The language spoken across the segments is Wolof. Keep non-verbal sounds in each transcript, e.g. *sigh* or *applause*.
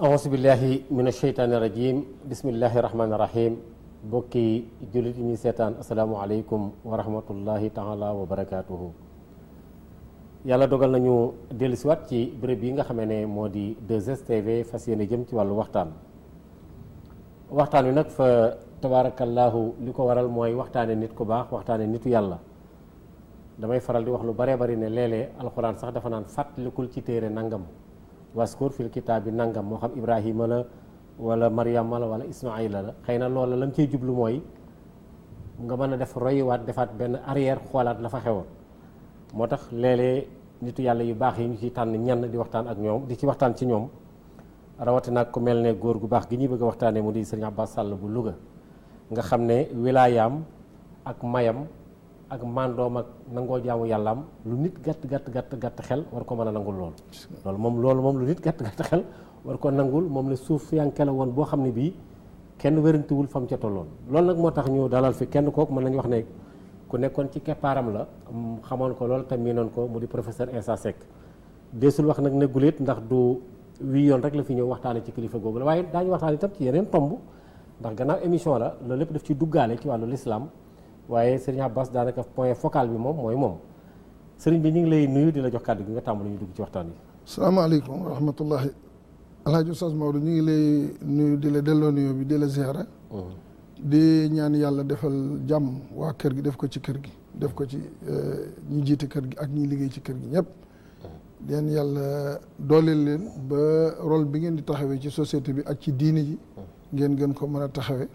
ahousubillahi min asheytaani irajim bismillahi rahmaani rahim bokki jullit yi ñuy seetaan asalaamualeykum wa rahmatullahi taala wa barakaatuhu yàlla dogal nañu dellusiwaat ci béréb yi nga xamee ne moo di 2STV fas yéene jëm ci wàllu waxtaan waxtaan wi nag fa tabaarakallaahu li ko waral mooy waxtaane nit ku baax waxtaane nitu yàlla damay faral di wax lu baree bari ne léeg-léeg alxuraan sax dafa naan fàttalikul ci téere nangam waskur fil kitaab bi nangam moo xam Ibrahima la wala Maryama la wala Ismaayila la xëy na loola lan ciy jublu mooy nga mën a def royiwaat defaat benn arrière xoolaat la fa xewoon moo tax léeg nit yàlla yu baax yi ñu ci tànn ñenn di waxtaan ak ñoom di ci waxtaan ci ñoom rawatina ku mel ne góor gu baax gi ñuy bëgg a waxtaanee mu di sëriñ Abbas Sall bu luga nga xam ne wilaayaam ak mayam ak mandoom ak nangoo jaamu yàllaam lu nit gàtt gàtt gàtt gàtt xel war ko mën a nangul loolu loolu moom loolu moom lu nit gàtt gàtt xel war ko nangul moom la suuf yanke la woon boo xam ne bii kenn wérantiwul fam ca tolloon loolu nag moo tax ñu dalal fi kenn kooku mën nañu wax ne ku nekkoon ci keppaaram la xamoon ko loolu te miinoon ko mu di professeur Insa Seck deesul wax nag ne guléet ndax du wii yoon rek la fi ñëw waxtaane ci kilifa googu la waaye daañu waxtaan itam ci yeneen tomb ndax gannaaw émission la loolu lépp daf ci duggaale ci wàllu lislaam waaye sëriñ Abbas daanaka point focal bi moom mooy moom sëriñ bi ñu ngi lay nuyu dina jox kàddu bi nga tàmbali ñu dugg ci waxtaan yi. salaamaaleykum wa rahmatullahi alaaji Oustaz Maodo ñu ngi lay nuyu di la delloo nuyo bi di la ziara mm-hmm. di ñaan yàlla defal jàmm waa kër gi def ko ci kër gi def ko ci eh, ñi jiite kër gi ak ñi liggéey ci kër gi ñëpp mm-hmm. den yàlla dooleel leen ba rôle bi ngeen di taxawee ci société bi ak ci diini ji mm-hmm. ngeen gën ko mën a taxawee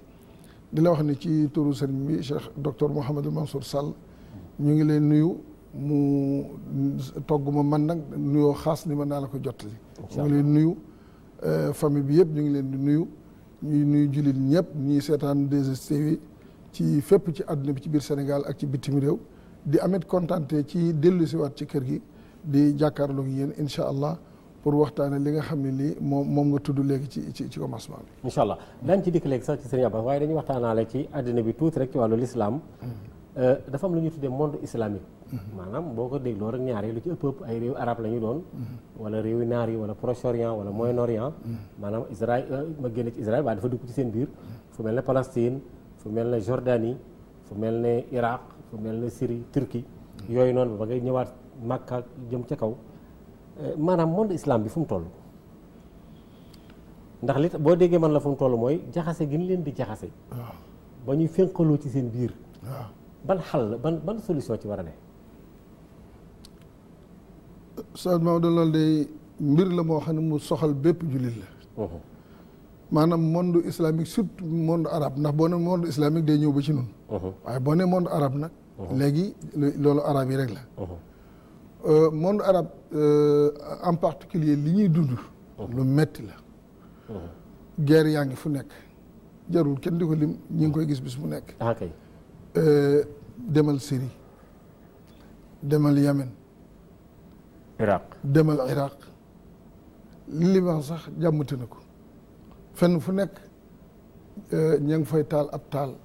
di la wax ni ci turu sëriñ bi Cheikh docteur Mouhamadou Mansour Sall ñu ngi leen nuyu mu togg ma man nag nuyoo xas ni ma naa la ko jot li ñu ngi leen nuyu euh, bi yëpp ñu ngi leen di nuyu ñuy nuyu jullit ñëpp ñuy seetaan 2STV ci fépp ci àdduna bi ci biir Sénégal ak ci bitim réew di amet kontaan ci dellu siwaat ci kër gi di jàkkaarloo ak yéen incha allah pour waxtaane li nga xam ne nii moom moom nga tudd léegi ci ci ci commencement bi. incha allah daañu ci dikk léegi sax ci Serigne Abbas waaye dañuy waxtaanaale ci àddina bi tuuti rek ci wàllu lislaam euh, dafa am lu ñuy tuddee monde islamique. maanaam boo ko dégloo rek ñaar yi lu ci ëpp ëpp ay réew arab la ñu doon. wala réewi naar yi wala proche orient wala moyen orient. maanaam Israël euh, ma génne ci Israël waaye dafa dugg ci seen biir. fu mel ne Palestine fu mel ne Jordanie fu mel ne Irak fu mel ne Syrie Turquie. yooyu noonu ba ngay ñëwaat Makka jëm ca kaw. Euh, maanaam monde islam bi fu mu toll ndax li boo déggee man la fu mu mooy jaxase gi leen di jaxase ah. ba ñuy fénqaloo ci seen biir ah. ban xal ban ban solution ci war a ne Saad Maodo la moo xam ne mu soxal bépp jullit la mhm. maanaam monde islamique surtout monde arabe ndax boo ne monde islamique day ñëw ba ci nun mhm. waaye boo ne monde arabe nag mhm. léegi loolu arabe yi rek la euh, monde arabe Euh, en particulier li ñuy dund lu metti la guerre yaa ngi fu nekk jarul kenn di ko lim ñi ngi koy gis bis mu nekk ah, euh, demal Syrie demal Yemen Iraq demal Iraq Liban sax jàmmati na ko fenn fu nekk euh, ña ngi fay taal ab taal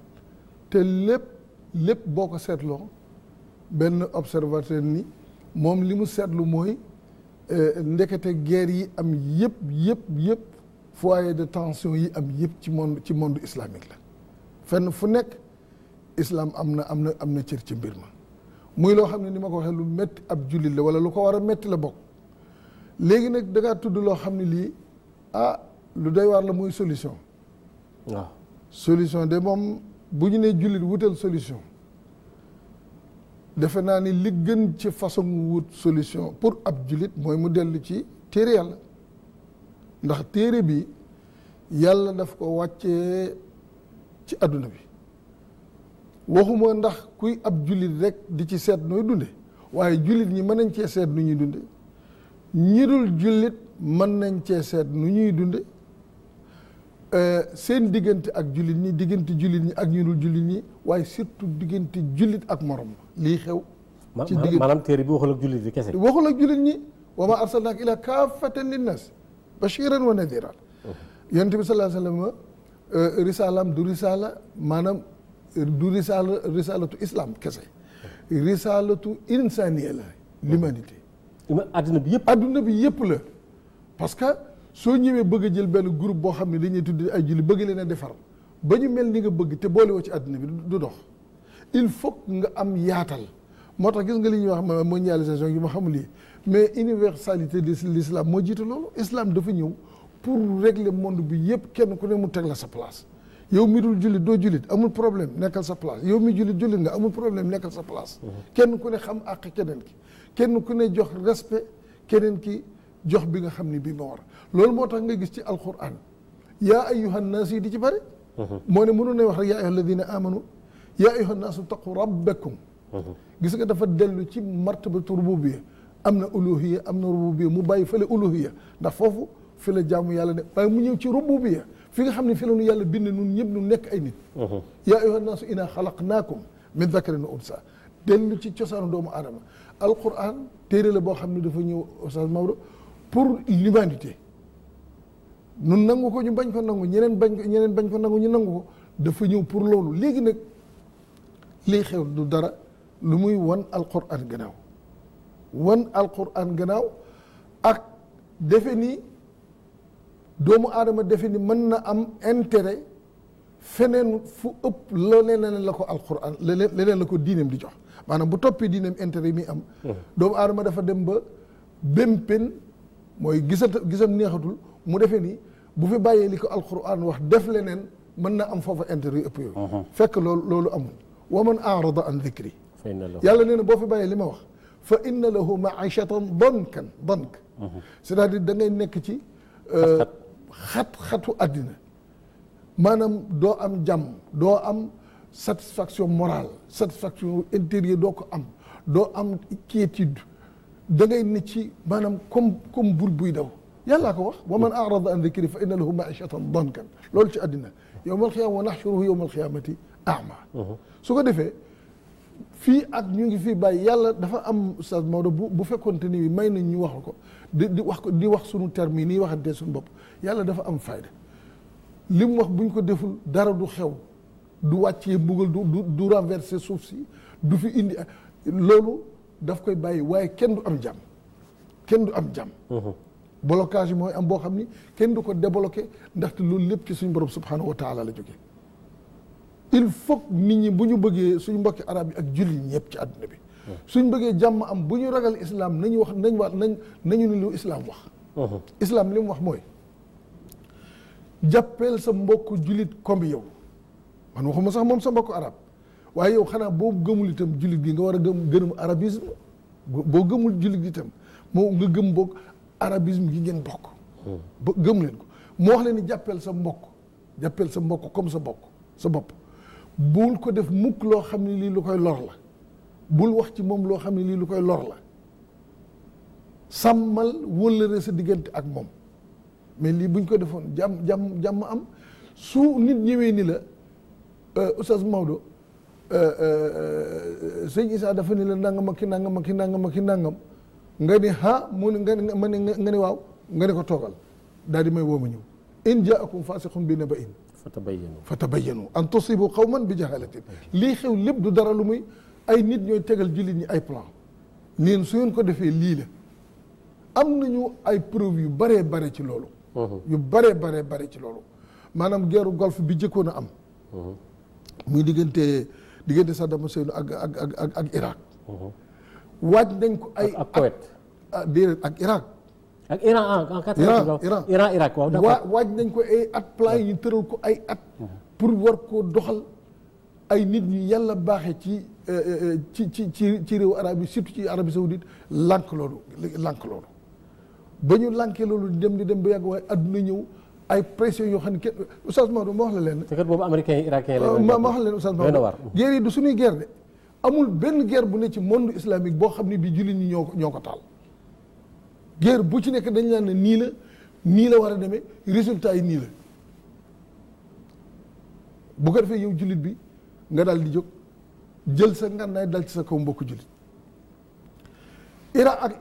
te lépp lépp boo ko seetloo benn observateur ni moom li mu seetlu mooy euh, ndekete ger yi am yëpp yëpp yëpp foyer de tension yi am yëpp ci monde ci monde islamique la fenn fu nekk islam am na am na am na cër ci mbir ma muy loo xam ne ni ma ko waxee lu métti ab jullit la wala lu ko war a métti la bokk léegi nag da tudd loo xam ne lii ah lu doy waar la muy solution waaw solution de moom bu ñu nee jullit wutal solution defe naa ni li gën ci façon wut solution pour ab jullit mooy mu dellu ci téere yàlla ndax téere bi yàlla daf ko wàccee ci àdduna bi waxuma ndax kuy ab jullit rekk di ci seet nooy dunde waaye jullit ñi mën nañ cee seet nu ñuy dunde ñi dul jullit mën nañ cee seet nu ñuy dunde euh, seen diggante ak jullit ñi diggante jullit ñi ak ñi dul jullit ñi waaye surtout diggante jullit ak morom lii xew. ci digg maanaam téere bi waxul ak jullit yi kese. waxul ak jullit ñi wa maa arsalnaaka illaa kaafatan linnaas bashiran wa nadiran yonent bi sallallahu alayhi wa sallam euh, risalaam du risala maanaam euh, du risala risalatu islam kese risalatu insaniya la l'humanité adduna bi yëpp adduna bi yëpp la parce que soo ñëwee bëgg jël benn groupe boo xam ne li ñuy tudd ay julli bëgg leen a defar ba ñu mel ni nga bëgg te boolewoo ci àdduna bi du dox il faut nga am yaatal moo tax gis nga li ñuy wax mondialisation yi ma xamul yi mais universalité de l'islam moo jiite loolu islam dafa ñëw pour régler monde bi yëpp kenn ku ne mu teg la sa place yow mi dul jullit doo jullit amul problème nekkal sa place yow mi jullit jullit nga amul problème nekkal sa place mhm. kenn ku ne xam àq keneen ki kenn ku ne jox respect keneen ki jox bi nga xam ni bi ma war loolu moo tax nga gis ci alquran yaa ayyuhan naas yi di ci bëri mhm. moo ne mënu ne wax rek yaa ayyuhal ladina amanu yaa ayyuha naasu taqu rabbakum gis nga dafa dellu ci martabatu rububiya am na uluhiya am na rububiya mu bàyyi fële uluhiya ndax foofu fi la jaamu yàlla ne waaye mu ñëw ci rububiya fi nga xam ne fi la nu yàlla bind nun ñëpp nu nekk ay nit yaa ayyuha naasu inaa xalaqnaakum min dakarin wa unsa dellu ci cosaanu doomu aadama alquran téere la boo xam ne dafa ñëw Oustaz Maodo pour l'humanité nun nangu ko ñu bañ ko nangu ñeneen bañ ko ñeneen bañ ko nangu ñu nangu ko dafa ñëw pour loolu léegi nag lii xew du dara lu muy wan alquran ganaaw wan alquran gannaaw ak defe ni doomu aadama defe ni mën na am intérêt feneen fu ëpp la leneen la ko alquran leneen la ko diineem di jox maanaam bu toppee diineem intérêt yi muy am hmm. doomu aadama dafa dem ba bémpen mooy gisat gisam neexatul mu defe ni bu fi bàyyee li ko al alquran wax def leneen mën na am foofu intérêt yu ëpp yooyu hmm. fekk loolu loolu amul wa man arada an dicri yàlla nee na boo fi bàyyee li ma wax fa inna lahu maishatan dankan dank c'est-à-dire da ngay nekk ci xat xatu àddina maanaam doo am jàmm doo am satisfaction morale satisfaction intérieure doo ko am doo am quiétude da ngay ne ci maanaam comme comme bur buy daw yàllaa ko wax wa man arada an dicri fa inna lahu maishatan dankan loolu ci àddina yowma alxiyaama wa naxshuruhu yowma alxiyaamati ama mhm. su ko defee fii ak ñu ngi fii bàyyi yàlla dafa am oustaz Maodo bu bu fekkonte ni may nañ ñu wax ko di di wax ko di wax sunu termes yi nii waxantee suñu bopp yàlla dafa am fayda li mu wax buñ ko deful dara du xew du wàccee buggal du du renverser suuf si du fi indi ak loolu daf koy bàyyi waaye kenn du am jàmm kenn du am jàmm mhm. blocage yi mooy am boo xam ni kenn du ko débloqué ndaxte loolu lépp ci suñu borom subhanahu wa taala la jógee il faut nit ñi bu ñu bëggee suñu mbokki arab yi ak julli ñi yëpp ci àdduna bi suñ bëggee jàmm am bu ñu ragal islam nañu wax nañ wax nañ nañu ni lu islam wax uh-huh. islaam li mu wax mooy jàppeel sa mbokk jullit comme yow man waxuma sax moom sa mbokk arab waaye yow xanaa boo gëmul itam jullit gi nga war a gëm gënum arabisme boo gëmul jullit gi itam moo nga gëm boog arabism gi ngeen bokk uh-huh. ba gëm ko mu wax leen ni jàppeel sa mbokk jàppeel sa mbokk comme sa mbokk sa bopp bul ko def mukk loo xam ne lii lu koy lor la bul wax ci moom loo xam ne lii lu koy lor la sàmmal wëllëre sa diggante ak moom mais lii buñ ko defoon jàmm jàmm jàmm am su nit ñëwee ni la euh, Oustaz Maodo euh, euh, sëñ Issa dafa ni la nangam ak ki nangam ak ki nangam ak ki nangam nga ni ha mu ne nga ne ma ne nga ne waaw nga ne ko toogal daal di may woo ma ñëw in jaakum faasiqun bi naba'in fatabayyanu fatabayyanu an xaw man bi jahalatin lii xew lépp du dara lu muy ay nit ñooy tegal jullit ñi ay plan neen su ngeen ko defee lii la am nañu ay preuve yu baree bare ci loolu mhm. yu baree baree bare ci loolu maanaam guerre golf bi jëkkoon a am mhm. muy diggante diggante Saddam Hussein ak ak ak ak Irak mhm. waaj nañ ko ay ak Kuwait ah, déedéet ak Irak ak Iran en ah, en quatre Iran Iran Irak waaw d'accord waa waaj nañ ko ay at plan yi tëral ko ay at. pour war koo doxal ay nit ñu yàlla baaxee ci euh, euh, ci ci ci ci réewu arab yi surtout ci arabie saoudite lànk loolu lànk loolu. ba ñu lànkee loolu dem di dem ba yàgg waaye adduna ñëw ay pression yoo xam ne kenn Oustaz Maodo ma wax la leen. te kat boobu américain yi irakien lañ. ma wax la leen Oustaz Maodo guerre yi du suñuy guerre de. amul benn guerre bu ne ci monde islamique boo xam ne bi jullit ñi ñoo ko ñoo ko taal. guerre bu ci nekk dañ naan ne nii la nii la war a demee résultat yi nii la bu ko defee yow jullit bi nga daal di jóg jël sa ngànnaay dal ci sa kaw mbokku jullit Irak ak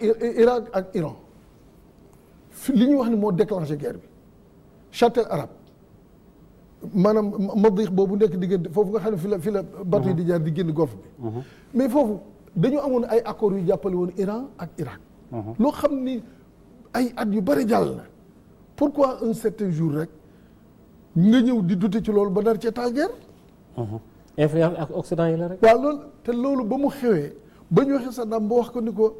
Irak ak Iran li ñuy wax ni moo déclenché guerre bi châtel arabe maanaam madix boobu nekk di diggante foofu nga xam ne fi la fi la bateau yi di jaar di génn golfe bi mhm. mais foofu dañu amoon ay accords yu jàppale woon Iran ak Irak Uh-huh. loo xam ni ay at yu bari jàll na pourquoi un certain jour rek nga ñëw di dute ci loolu ba nar cee taal guerre uh-huh. influence ak Occident yi la rek. waaw te loolu ba mu xewee ba ñu waxee Saddam ba wax ko ni ko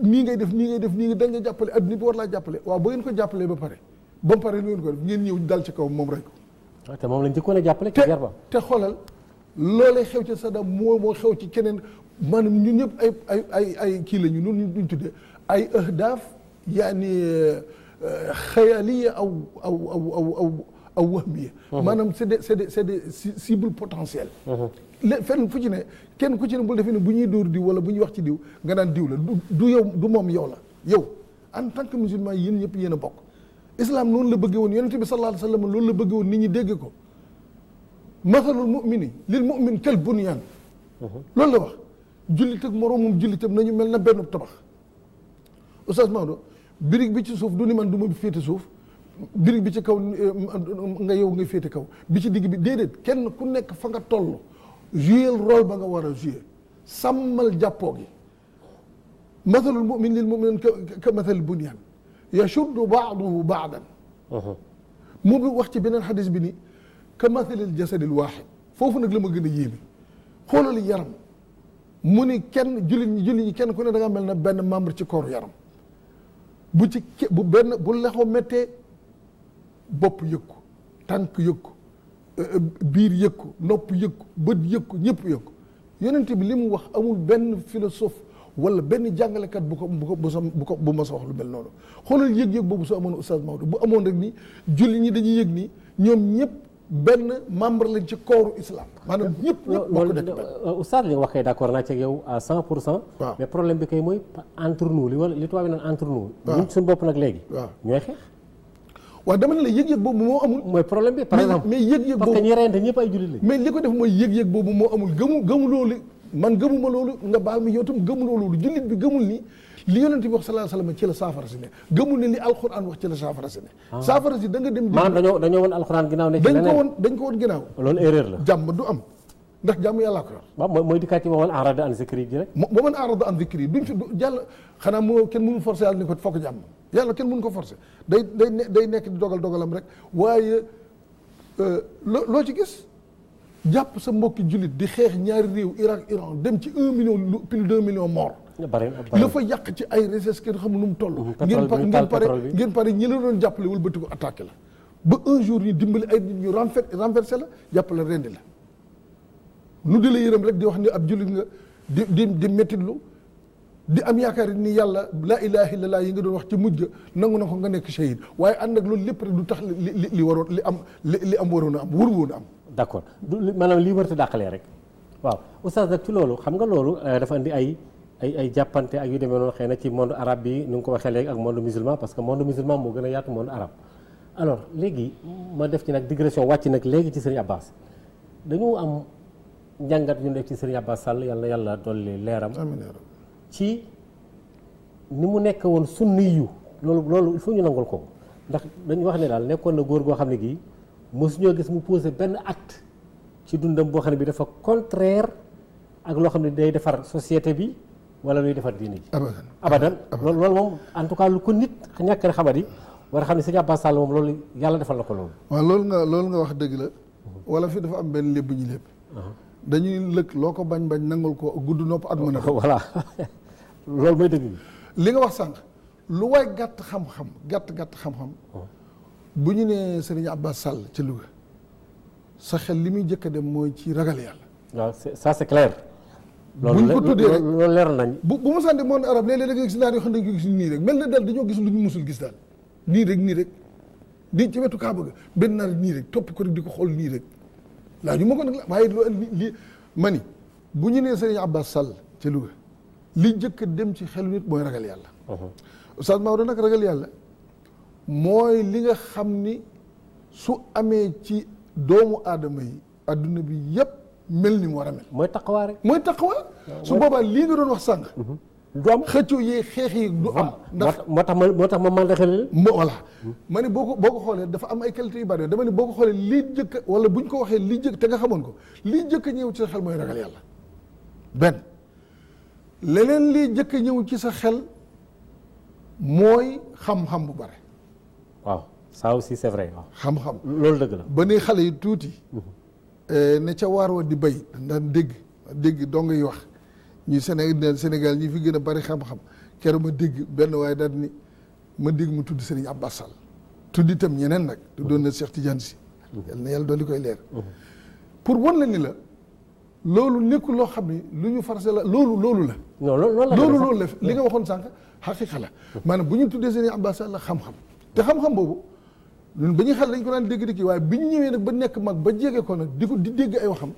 nii ngay def nii ngay def nii nga dañ la jàppale adduna bi war laa jàppale waaw ba ngeen ko jàppalee ba pare ba mu pare lu ngeen ko def ngeen ñëw dal ci kaw moom rek. waaw ah, te moom lañ njëkkoon a jàppale. ci te xoolal loolee xew ci Saddam moo moo xew ci keneen maanaam ñun ñëpp ay ay ay ay kii la ñu ñun ñu tuddee. أي أهداف يعني خيالية أو أو أو aw أو aw wahmiya mhm. maanaam c'est des c'est des c'est des cibles potentielles mhm. lé fenn fu ci ne kenn ku ci ne bul defee ne bu ñuy door diw wala bu ñuy wax ci diw nga naan diw la du yow moom yow la yow en tant que musulman yéen ñëpp yéen a bokk islam noonu la bëggee woon yonente bi sallallahu alayhi wa loolu la bëggee woon nit ñi dégg ko mathalul mumini lil mumin kal bunyan mhm. loolu la wax jullit ak moroomum jullitam nañu mel na benn tabax Oustaz Maodo birig bi ci suuf du ni man du ma féete suuf birig bi ci kaw eh, nga yow nga féete kaw bi ci digg bi déedéet kenn ku nekk fa nga toll jouer rôle ba nga war a jouer sàmmal jàppoo gi mathalul mu'min lil mu'min ka mathal bunyan yashuddu ba'duhu ba'dan uh-huh. mu bi wax ci beneen xadis bi ni ka mathalil jasadil waaxid foofu nag la ma gën a yéeme xoolal yaram mu ni kenn jullit ñi jullit ñi kenn ku ne da nga mel na benn membre ci kooru yaram bu ci bu benn bu lexoo mettee bopp yëg ko tànk yëg ko euh, euh, biir yëg ko nopp yëg ko bët yëg ko ñëpp yëg ko yonent bi li mu wax amul benn philosophe wala benn jàngalekat bu ko bu ko bu ko bu ma sa wax lu mel noonu xoolal yëg-yëg boobu soo amoon oustaz Maodo bu amoon rek ni julli ñi dañuy yëg ni ñoom ñëpp benn membre lañ ci kooru islam. maanaam euh, ñëpp ñëpp bokk nañ benn. Euh, oustaz li nga wax kay d'accord naa ci yow cent pour cent. waaw mais problème bi kay mooy par nous li wala li tubaab yi naan entre nous. waaw ñun suñu bopp nag léegi. la yëg-yëg boobu moo amul. mooy problème bi par exemple mais yëg-yëg boobu parce que ñi reyante ñëpp ay jullit lañ. mais li ko def mooy yëg moo amul gëmu gëmu loolu man gëmuma loolu nga baal mi yow tam gëmuloo loolu jullit bi gëmul nii li yonent bi wax sallallahu alayhi wasallam ci la saafara si ne gëmul ne li alxuraan wax ci la saafara si ne ah. saafara si da nga dem maanaam dañoo dañoo woon alxuraan ginnaaw ne ci leneen dañ ko woon dañ ko woon ginnaaw loolu erreur la jàmm du am ndax jàmm yàllaa ko yor waaw mooy dikkaat ci wa man arada an zikri ji rek wa man arada an zikri duñ fi jàll xanaa moo kenn mënu forcé yàlla ni day nekk di dogal dogalam rek waaye euh, loo ci gis jàpp sa mbokki jullit di xeex ñaari réew Irak Iran dem ci un million plus d'un million mort la fa yàq ci ay richesse kenn xamul nu mu toll ngeen pare ngeen pare ñi la doon jàppale wala bëti ko attaqué la ba un jour ñu dimbali ay nit ñu renfer renversé la jàppale rendi la nu di la yërëm rek di wax ni ab jullit nga di di di mettitlu di am yaakaar ni yàlla laa ilaha illallah yi nga doon wax ci mujj nangu na ko nga nekk shahid waaye ànd ak loolu lépp rek du tax li li li waroon li am li li am waroon a am wër woon am d'accord maanaam lii wërta dàqalee rek waaw oustaz nag ci loolu ay ay jàppante ak yu demee noonu xëy na ci monde arabe bi nu nga ko waxee léegi ak monde musulman parce que monde musulman moo gën a yaatu monde arabe. alors léegi ma def ci nag digression wàcc nag léegi ci sëriñ Abbas dañu am njàngat ñu def ci sëriñ Abbas Sall yàlla yàlla dolli leeram. ci ni mu nekk woon sunni yu loolu loolu il faut ñu nangul ko ndax dañu wax ne daal nekkoon na góor goo xam ne gii mosuñoo gis mu posé benn acte ci dundam boo xam ne bi dafa contraire ak loo xam ne day defar société bi. wala luy defar diine ji. abadan abadan loolu loolu moom en tout cas lu ko nit ñàkk a xabar yi war a xam ne sëñ Abbas Sall moom loolu yàlla defal la ko loolu. waa loolu nga loolu nga wax dëgg la. wala fi dafa am benn lépp bu ñu lépp. dañuy lëkk loo ko bañ bañ nangul ko gudd nopp at mën a. voilà loolu mooy dëgg bi. li nga wax sànq lu waay gàtt xam-xam gàtt gàtt xam-xam. bu ñu nee sëriñ Abbas Sall ci Louga sa xel li muy njëkk dem mooy ci ragal yàlla. waaw ça c'est clair. buñ ko tuddee leer nañ bu bu mu sànni monde arabe léeg-léeg da nga gis naar yoo xam ne dañ ko nii rek mel na daal dañoo gis lu ñu musul gis daal nii rek nii rek di ci wetu kaaba ga benn naar nii rek topp ko rek di ko xool nii rek laa ñu ma ko nag la waaye lii mani bu ñu nee Serigne ba sal ca Louga li njëkk dem ci xelu nit mooy ragal yàlla uh-huh. Oustaz Maodo nag ragal yàlla mooy li nga xam ni su amee ci doomu aadama yi adduna bi yëpp mel ni mu war a mel. mooy taqawaa rek. mooy taqawaa su boobaa lii nga doon wax sànq. Mhm. du am xëccoo yi xeex yi du am. ndax moo tax ma moo tax ma mandaxe leen. moo voilà ma ne boo ko boo ko xoolee am ay qualité yu bari dama ne boo ko xoolee lii jëkk wala buñ ko waxee li jëkk te nga xamoon ko lii jëkk ñëw ci sa xel mooy ragal yàlla benn leneen lii jëkk ñëw ci sa xel mooy xam-xam bu bare waaw ça aussi c'est vrai xam-xam loolu dëgg la ba ni xale yi tuuti. Mhm. Eh, ne ca waar wa di bay daan dégg dégg dong yi wax ñu Sénégal Sénégal ñi fi gën a bari xam-xam keroog ma dégg benn waaye daal ni ma dégg mu tudd Serigne Abbas Sall tudd itam ñeneen nag doon na Cheikh Tidiane Sy yàlla na yàlla doon di koy leer pour wan la ni la loolu nekkul loo xam ni lu ñu farase la loolu loolu la loolu loolu la li nga waxoon sànq xaqiqa la maanaam bu ñu tuddee Serigne Abbas Sall la xam-xam te xam-xam boobu ñun ba ñuy xel dañ ko daan dégg di kii waaye bi ñëwee nag ba nekk mag ba jege ko nag di ko di dégg ay waxam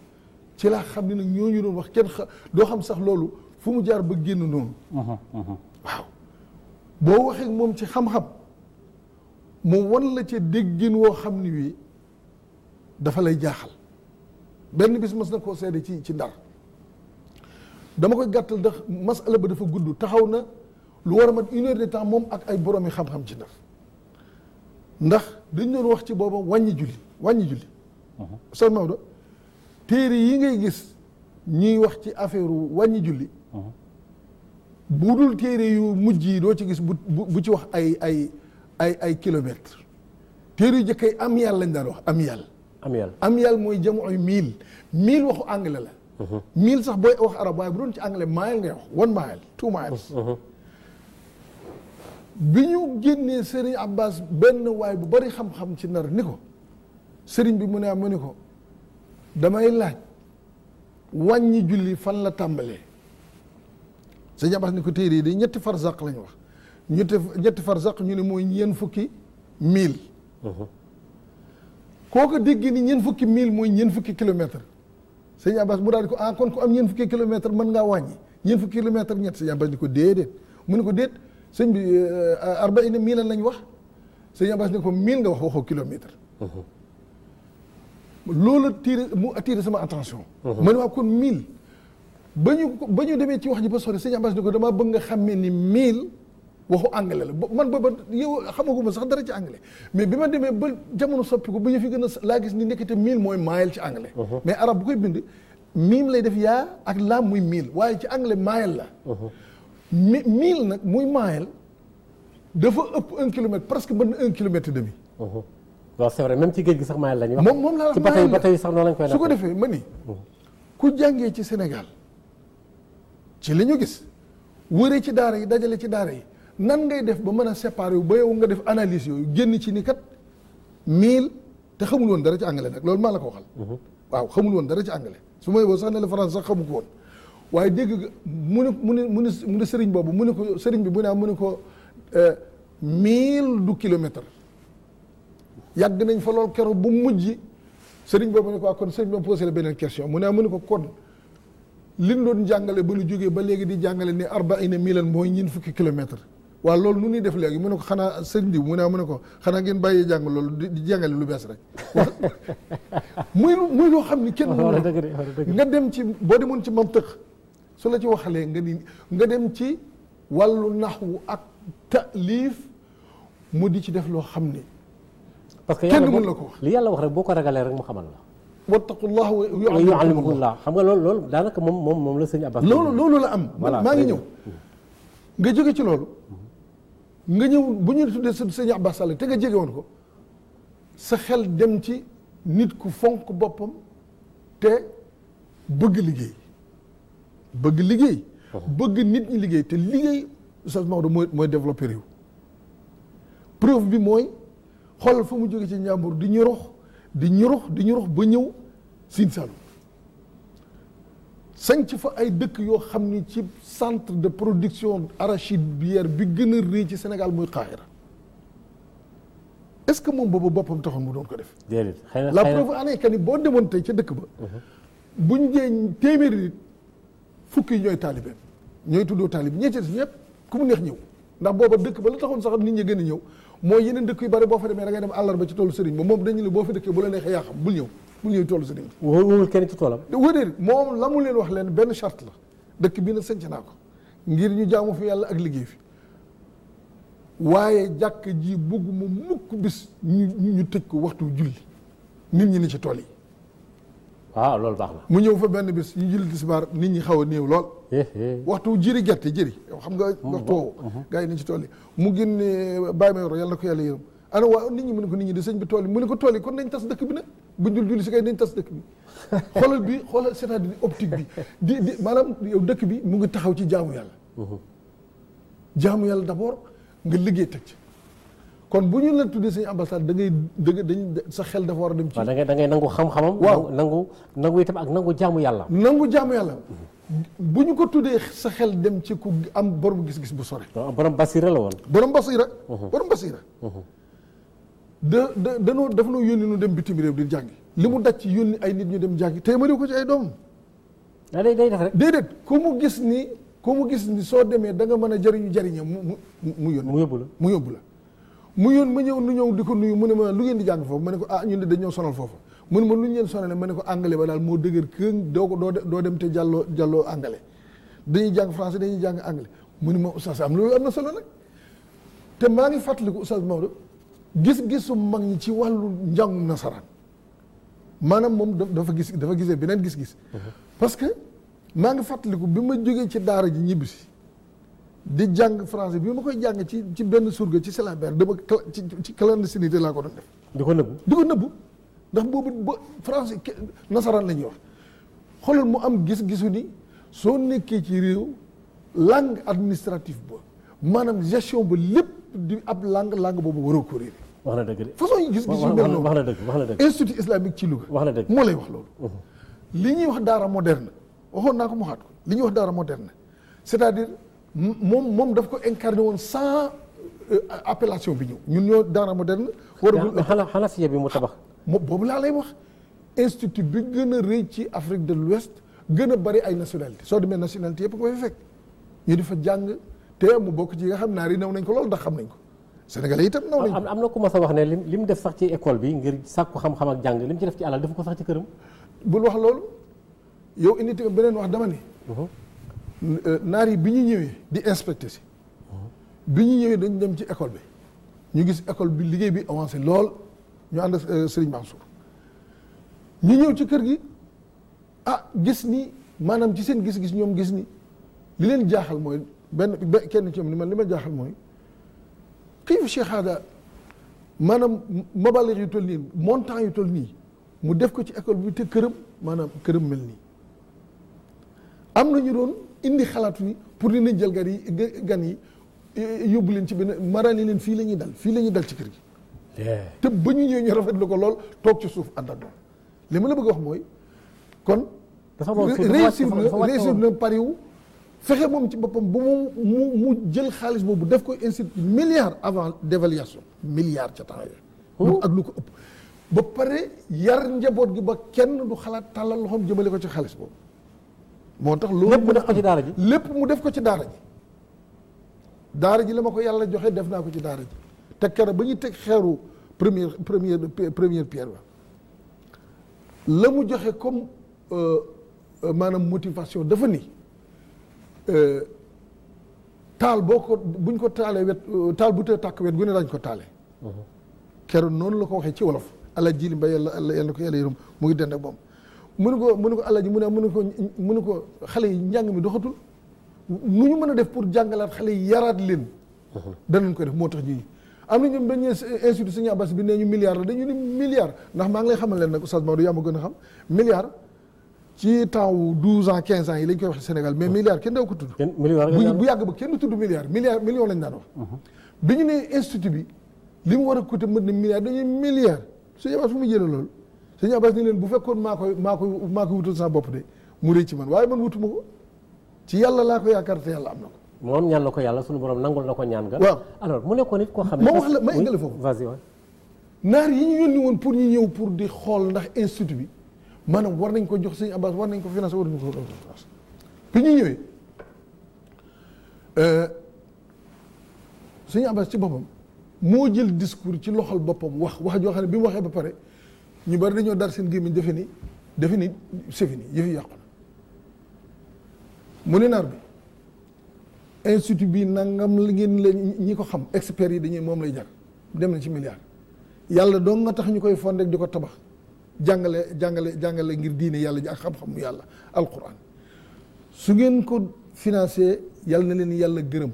ci laa xam ne nag ñooñu doon wax kenn doo xam sax loolu fu mu jaar ba génn noonu uh-huh, uh-huh. waaw boo waxee moom ci xam-xam moom wan la ca déggin woo xam ni wii dafa lay jaaxal benn bis mas na koo seede ci ci ndar dama koy gàttal ndax masala ba dafa gudd taxaw na lu war a mat une heure de moom ak ay boroomi xam-xam ci ndar ndax dañ doon wax ci booba wàññi julli wàññi julli uh-huh. sëñ Maodo téere yi ngay gis ñuy wax ci affaire wàññi julli uh-huh. bu dul téere yu mujj yi doo ci gis bu bu ci wax ay ay ay ay kilomètres téere yu jëkkay am yàlla lañ daan wax am yàlla am yàlla am yàlla mooy jamooy mille mille waxu anglais la uh-huh. mille sax booy wax arab waaye bu doon ci anglais mile ngay wax one mile two miles bi ñu génnee Serigne Abbas benn waay bu bari xam-xam ci nar ni ko sëriñ bi mu ne mu ni ko damay laaj wàññi julli fan la tàmbalee Serigne Abbas ni ko téere de ñetti farzaq lañ wax ñetti far farzaq ñu ne mooy ñeen fukki mille uh-huh. kooko dégg ni ñeen fukki mille mooy ñeen fukki kilomètre Serigne Abbas mu daal di ko ah kon ku am ñeen fukki kilomètre mën ngaa wàññi ñeen fukki kilomètre ñett Serigne Abbas ni ko déedéet mu ne ko déet sëñ bi euh, arbaina miilan lañ wax sëñ Abbas ne ko miil nga wax waxoo kilomètre uh-huh. loolu tiré mu attiré sama attention ma ne a kon miil ba ñu ba ñu demee ci wax ji ba sori sëñ Abbas ne ko damaa bëgg nga xammee ni miil waxu anglais la man booba yow xamaguma sax dara ci anglais mais bi ma demee ba jamono soppi ko ba ñu fi gën a laa gis ni nekkite mille mooy mile ci anglais uh-huh. mais arab bu koy bind miim lay def yaa ak laam muy mille waaye ci anglais mile la uh-huh. mi mille nag muy maayal dafa ëpp un kilomètre presque mën na un kilomètre et demi. Mhm. waaw c'est vrai même ci géej gi sax maayal la moom moom laa la ci bateau yi bateau yi sax noonu lañ koy su ko defee ma ni mhm. ku jàngee ci Sénégal ci li ñu gis wëree ci daara yi dajale ci daara yi nan ngay def ba mën a séparer yu ba yow nga def analyse yooyu génn ci ni kat mille te xamul woon dara ci anglais nag loolu maa la ko waxal. Mhm. waaw xamul woon dara ci anglais su ma yeboo sax ne la France sax xamu waaye dégg mu ne mu ne mu ne sëriñ boobu mu ne ko sëriñ bi mu ne ah mu ne ko euh, mille du kilomètre yàgg nañ fa lool keroog bu mujj sëriñ boobu ne ko waa ah, kon sëriñ boobu posé la mu ne ah, mu ne ko kon liñ doon jàngale ba lu jógee ba léegi di jàngale ne arbaina milan mooy ñin fukki kilomètre waa loolu nu ñuy def léegi mu ne ko xanaa sëriñ bi mu ne mu ne ko xanaa geen bàyyi jàng loolu di jàngale lu bees rek *laughs* muy muy loo xam ni kenn nga dem ci boo demoon ci mantiq su la ci waxalee nga di nga dem ci wàllu naxwu ak taalif mu di ci def loo xam ne parce que kenn mën la ko wax li yàlla wax rek boo ko ragalee rek mu xamal la wattaqullah wa yuallimukumullah xam nga loolu loolu daanaka moom moom moom la sëñ Abbas loolu loolu la am maa ngi ñëw nga jóge ci loolu nga ñëw bu ñu su sëñ Abbas Sall te nga jege woon ko sa xel dem ci nit ku fonk boppam te bëgg liggéey bëgg liggéey. Oh. bëgg nit ñi liggéey te liggéey Oustaz Maodo mooy mooy développé réew. preuve bi mooy xoolal fa mu jóge ci njàmbur di ñu di ñu di ñu ba ñëw Sine Saloum sanc fa ay dëkk yoo xam ni ci centre de production arachide bière bi gën a rëy ci Sénégal muy Xaahira est-ce que moom boobu boppam taxoon mu doon ko def. la preuve année que ni boo demoon tey ca dëkk ba. Uh-huh. buñ jee téeméeri nit fukki ñooy taalibeem ñooy tuddoo taalib ñee ci des ñëpp ku mu neex ñëw ndax booba dëkk ba la taxoon sax nit ñi gën a ñëw mooy yeneen dëkk yu bari boo fa demee da ngay dem àllarba ci toolu sëriñ ba moom dañu ne boo fa dëkkee bu la neexee yaa xam bul ñëw bul ñëw toolu sëriñ bi wóorul kenn ci moom la mu leen wax leen benn charte la dëkk bii nag sanc naa ko ngir ñu jaamu fi yàlla ak liggéey fi waaye jàkk ji bëgguma mukk bis ñu ñu tëj ko waxtu julli nit ñi ci tool yi waaw loolu baax mu ñëw fa benn bis ñu julli tisbaar nit ñi xaw a néew lool waxtu jiri gerte jëri yow xam nga waxtu woowu gars yi nañ ci tool yi mu génne bàyyi ma yoro yàlla na ko yàlla yërëm ana wa nit ñi mu ne ko nit ñi di sëñ bi tool yi mu ne ko tool yi kon nañ tas dëkk bi nag bu ñu julli si kay nañ tas dëkk bi *laughs* xoolal bi xoolal cest à bi di di maanaam yow dëkk bi mu ngi taxaw ci jaamu yàlla jaamu yàlla d'abord nga liggéey teg kon bu ñu la tuddee suñu ambassade da ngay da dañ sa xel dafa war a dem ci da ngay da nangu xam-xamam waaw nangu nangu tam ak nangu jaamu yàlla nangu jaamu yàlla bu ñu ko tuddee sa xel dem ci ku am borom gis-gis bu sore borom basira la woon borom basira mhm. borom basira mhm. da da danoo dafa noo yónni ñu dem bitim réew di jàngi li mu daj ci yónni ay nit ñu dem jàngi tey ma ko ci ay doom da ah, day day def rek déedéet ku mu gis ni koo mu gis ni soo demee da nga mën a jëriñu jëriñe mu mu mu yónni mu yóbbu la mu yóbbu la mu yoon ma ñëw nu ñëw di ko nuyu mu ne ma lu ngeen di jàng foofu ma ne ko ah ñun de dañ ñëw sonal foofu mu ne ma lu ñu leen sonalee ma ne ko anglais ba daal moo dëgër këng doo ko dem te jàlloo jàlloo anglais dañuy jàng français dañuy jàng anglais mu ne ma oustaz am loolu am na solo te maa ngi fàttaliku oustaz Maodo gis-gisu mag ci wàllu njàngum nasaraan maanaam moom dafa gis dafa gisee beneen gis-gis parce que maa ngi fàttaliku bi ma jógee ci daara ji ñibbisi di jàng français bi ma koy jàng ci ci benn surga ci syllabaire dama ci ci clandestinité laa ko doon def. di ko nëbbu di ko nëbbu ndax boobu ba français nasaraan la ñuy wax xoolal mu am gis-gisu ni soo nekkee ci réew langue administrative ba maanaam gestion ba lépp di ab langue langue boobu waroo ko réer. na dëgg de façon yi gis-gisu yu mel noonu wax na dëgg wax na dëgg institut islamique ci Louga. wax na dëgg moo lay wax loolu. Mhm. li ñuy wax daara moderne waxoon naa ko mu xaat ko li ñuy wax daara moderne c'est-à-dire. moom moom daf ko incarné woon sans euh, appellation bi ñëw ñun ñoo daara moderne waragul xanaa xanaa si bi mu tabax moom boobu laa lay wax institut bi gën a rëy ci Afrique de l'Ouest gën a bari ay nationalité soo demee nationalité yëpp nga fay fekk ñu di fa jàng te mu bokk ci yi nga xam naar yi naw nañ ko loolu ndax xam nañ ko sénégalais itam naw nañ ko am na ku ma sa wax ne lim lim def sax ci école bi ngir sàkku xam-xam ak jàng lim ci def ci alal def ko sax ci këram bul wax loolu yow indi beneen wax dama Euh, naar yi bi ñu ñëwee di inspecté si bi ñu ñëwee dañ dem ci école bi ñu gis école bi liggéey bi avancé lool ñu ànd ak euh, Serigne ñu ñëw ci kër gi ah gis ni maanaam ci seen gis-gis ñoom gis ni li leen jaaxal mooy benn kenn ci ñoom li ma ma jaaxal mooy kayfu Cheikh maanaam mabalir yu toll nii montant yu toll nii mu def ko ci école bi te këram maanaam këram mel nii am na ñu doon indi xalaatu ni pour dinañ jël gar yi gan yi eh, yóbbu leen ci benn marali leen fii la ñuy dal fii la ñuy dal ci kër gi te ba ñu ñëwee ñu rafetlu ko lool toog ci suuf àndandoo li ma na bëgg a wax mooy kon réussir na réussir na pari wu fexe moom ci boppam ba mu mu mu jël xaalis boobu def ko institut milliard avant dévaluation milliard ca temps yooyu ak lu ko ëpp ba pare yar njaboot gi ba kenn du xalaat tàllal loxoom jëmale ko ci xaalis boobu moo tax loolu lépp mu def ko ci daara ji lépp mu def ko ci daara ji daara ji la ma ko yàlla joxe def naa ko ci daara ji te keroog ba ñuy teg xeeru première première première pierre ba la mu joxe comme euh, euh, maanaam motivation dafa ni euh, taal boo ko buñ ko taalee wet taal bu tee tàkk wet gu ne dañ ko taalee mhm. keroog noonu la ko waxee ci wolof ala jili mba yàlla yàlla ko yàlla yërëm mu ngi dende ak mu mënu ko mënu ko àllaji mu ne mënu ko mënu ko xale yi njàng mi doxatul nu ñu mën a def pour jàngalaat xale yi yaraat leen danañ ko def moo tax ñuy am na ñu milliard dañu ni ndax maa ngi lay xamal leen nag Oustaz Maodo yaa a xam milliard ci temps wu douze ans quinze ans yi lañ koy mais milliard kenn daw ko tudd bu yàgg ba kenn tudd milliard bi li mu war a mën na milliard dañuy milliard Sëñ Abbas fu mu jëlee loolu sëñ Abbas ni leen bu fekkoon maa koy maa koy maa koy wutal sama bopp de mu rëy ci man waaye man wutuma ko ci yàlla laa ko yaakaar te yàlla am na ko. moom ñaan na ko yàlla suñu borom nangul na ko ñaan nga. waaw alors mu koo xam ne. ma wax la ma naar yi ñu yónni woon pour ñu ñëw pour di xool ndax institut bi maanaam war nañ ko jox sëñ Abbas war nañ ko financé war nañ ko financé bi ñu ñëwee euh, sëñ Abbas ci boppam moo jël discours ci loxol boppam wax wax joo xam ne bi mu waxee ba pare. ñu bari dañoo dar seen gémmiñ defe ni defe ni c'est fini yëfi yàqu mu ne naar bi institut bi nangam li ngeen leen ñi ko xam experts yi dañuy moom lay jar dem na ci milliard yàlla doo nga tax ñu koy fondé di ko tabax jàngale jàngale jàngale ngir diine yàlla ji ak xam-xamu yàlla alquran su ngeen ko financé yàlla na leen yàlla gërëm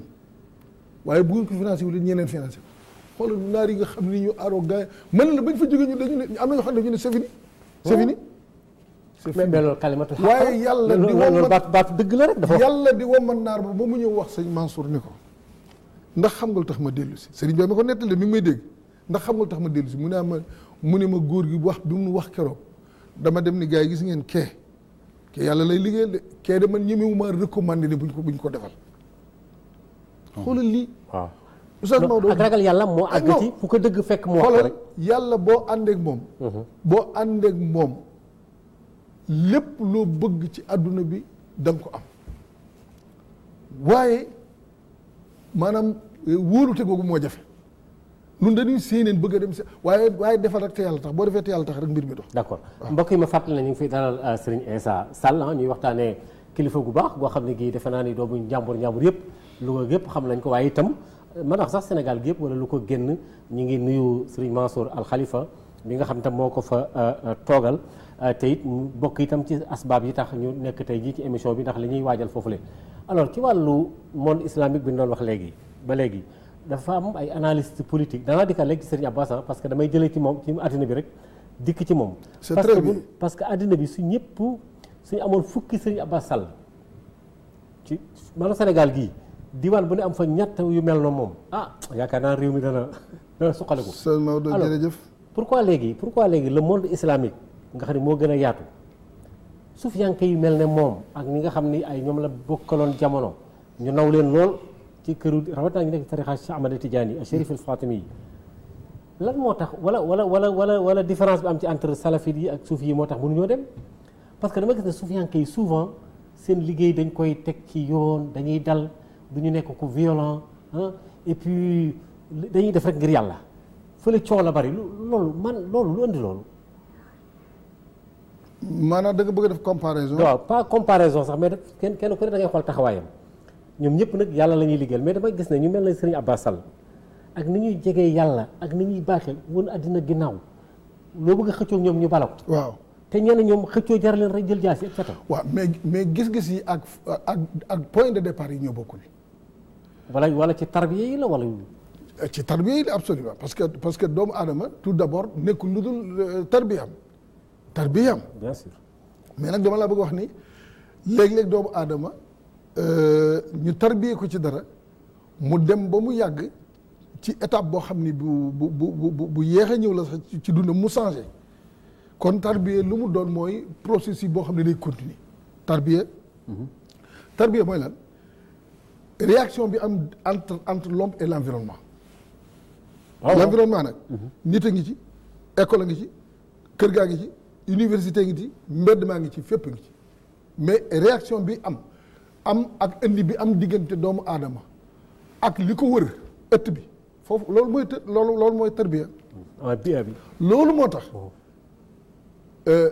waaye bu ngeen ko financé wu leen ñeneen financé ko xoolal naar yi nga xam ni ñu arrogant mën na bañ fa jógee ñu dañu ne am na ñoo xam ne dañu ne c'est fini c'est fini c'est fini mais waaye yàlla di womat baat baat dëgg la dafa yàlla di womat naar ba ba mu ñëw wax sëñ Mansour ni ko ndax xam nga lu tax ma dellu si sëriñ bi ma ko nettali mi ngi may dégg ndax xam nga lu tax ma dellu si mu ne ma mu ne ma góor gi wax bi mu wax keroog dama dem ni gars yi gis ngeen kee kee yàlla lay liggéeyal de kee de man ñemewuma recommandé ne buñ ko buñ ko defal oh. xoolal lii waaw Oustaz Maodo ak ragal yàlla moo àgg ah, ci fu ko dëgg fekk moo xoolal yàlla boo àndeek moom mhm. boo àndeek moom lépp loo bëgg ci àdduna bi da ko am waaye maanaam eh, wóolute moo jafe ñun dañuy séeneen bëgg a dem si waaye waaye defal rek te yàlla tax boo defee te yàlla tax ah. yi ma fàttali na ñu ngi fi dalal euh, Serigne Insa Sall ah, ñuy waxtaanee kilifa gu baax goo xam ne gii defe naa ni doomu njàmbur njàmbur yëpp Louga yëpp xam nañ ko waaye itam. mën naa sax Sénégal gi yëpp wala lu ko génn ñu ngi nuyu Serigne Mansour Al Khalifa bi nga xam tam moo ko fa euh, toogal euh, te it bokk itam ci asbaab yi tax ñu nekk tey jii ci émission bi ndax li ñuy waajal foofu foofule. alors ci wàllu monde islamique bi ñu doon wax léegi ba léegi dafa am ay analyste politique danaa dikkaat léegi Serigne Abbas ah, parce que damay jëlee ci moom ci àddina bi rek dikk ci moom. c'est très bien parce que àddina bi su ñëpp suñu amoon fukki Serigne Abbas Sall ci maanaam Sénégal gii. diwaan bu ne am fa ñett yu mel na moom ah yaakaar naa réew mi dana dana suqaliku. sëñ Maodo jërëjëf pourquoi léegi pourquoi léegi le monde islamique nga xam ne moo gën a yaatu sufiyanke yi mel ne moom ak ñi nga xam ni ay ñoom la bokkaloon jamono ñu naw leen lool ci këru rawatina ñu nekk tarixa Cheikh Ahmad Tidiane yi Chérif al Fatimi yi lan moo tax wala wala wala wala wala différence bi am ci entre yi ak suufi yi moo tax mënuñoo dem parce que dama gis ne sufiyanke yi souvent seen liggéey dañ koy teg ci yoon dañuy dal bu ñu nekk ku violent ah et dañuy def rek ngir yàlla fële coow la bari loolu man loolu lu andi loolu. maanaam da nga bëgg def comparaison. waaw pas comparaison sax mais kenn kenn ku ne da ngay xool taxawaayam ñoom ñëpp nag yàlla la ñuy liggéeyal mais damay gis ne ñu mel ne Serigne Abbas Sall ak ni ñuy jegee yàlla ak ni ñuy baaxel woon àddina ginnaaw loo bëgg a xëccoo ñoom ñu bala ko. waaw te ñenn ñoom xëccoo jar leen rek jël jaasi et cetera. waaw mais mais gis-gis yi ak ak ak point de départ yi ñoo bokkul. wala wala ci tarbiya yi la wala. ci tarbiya yi la absolument parce que parce que doomu aadama tout d' abord nekkul lu dul euh, tarbiyaam tarbiyaam. bien am mais nag dama laa bëgg wax ni léeg-léeg doomu aadama euh, ñu tarbiye ko ci dara mu dem ba mu yàgg ci étape boo xam ni bu bu bu bu bu yéex ñëw la sax ci dundam mu changé kon tarbiye lu mu doon mooy processus boo xam ne day continuer tarbiye mhm. tarbiye mooy lan. réaction bi am entre entre l'homme et l'environnement ah l'environnement nag mhm. nit a ngi ci école a ngi ci kër gaa ngi ci université ngi ci mbedd maa ngi ci fépp ngi ci mais réaction bi am am ak indi bi am diggante doomu aadama ak li ko wër ëtt bi foofu loolu mooy të loolu loolu mooy tarbiya ah, loolu moo tax oh. euh,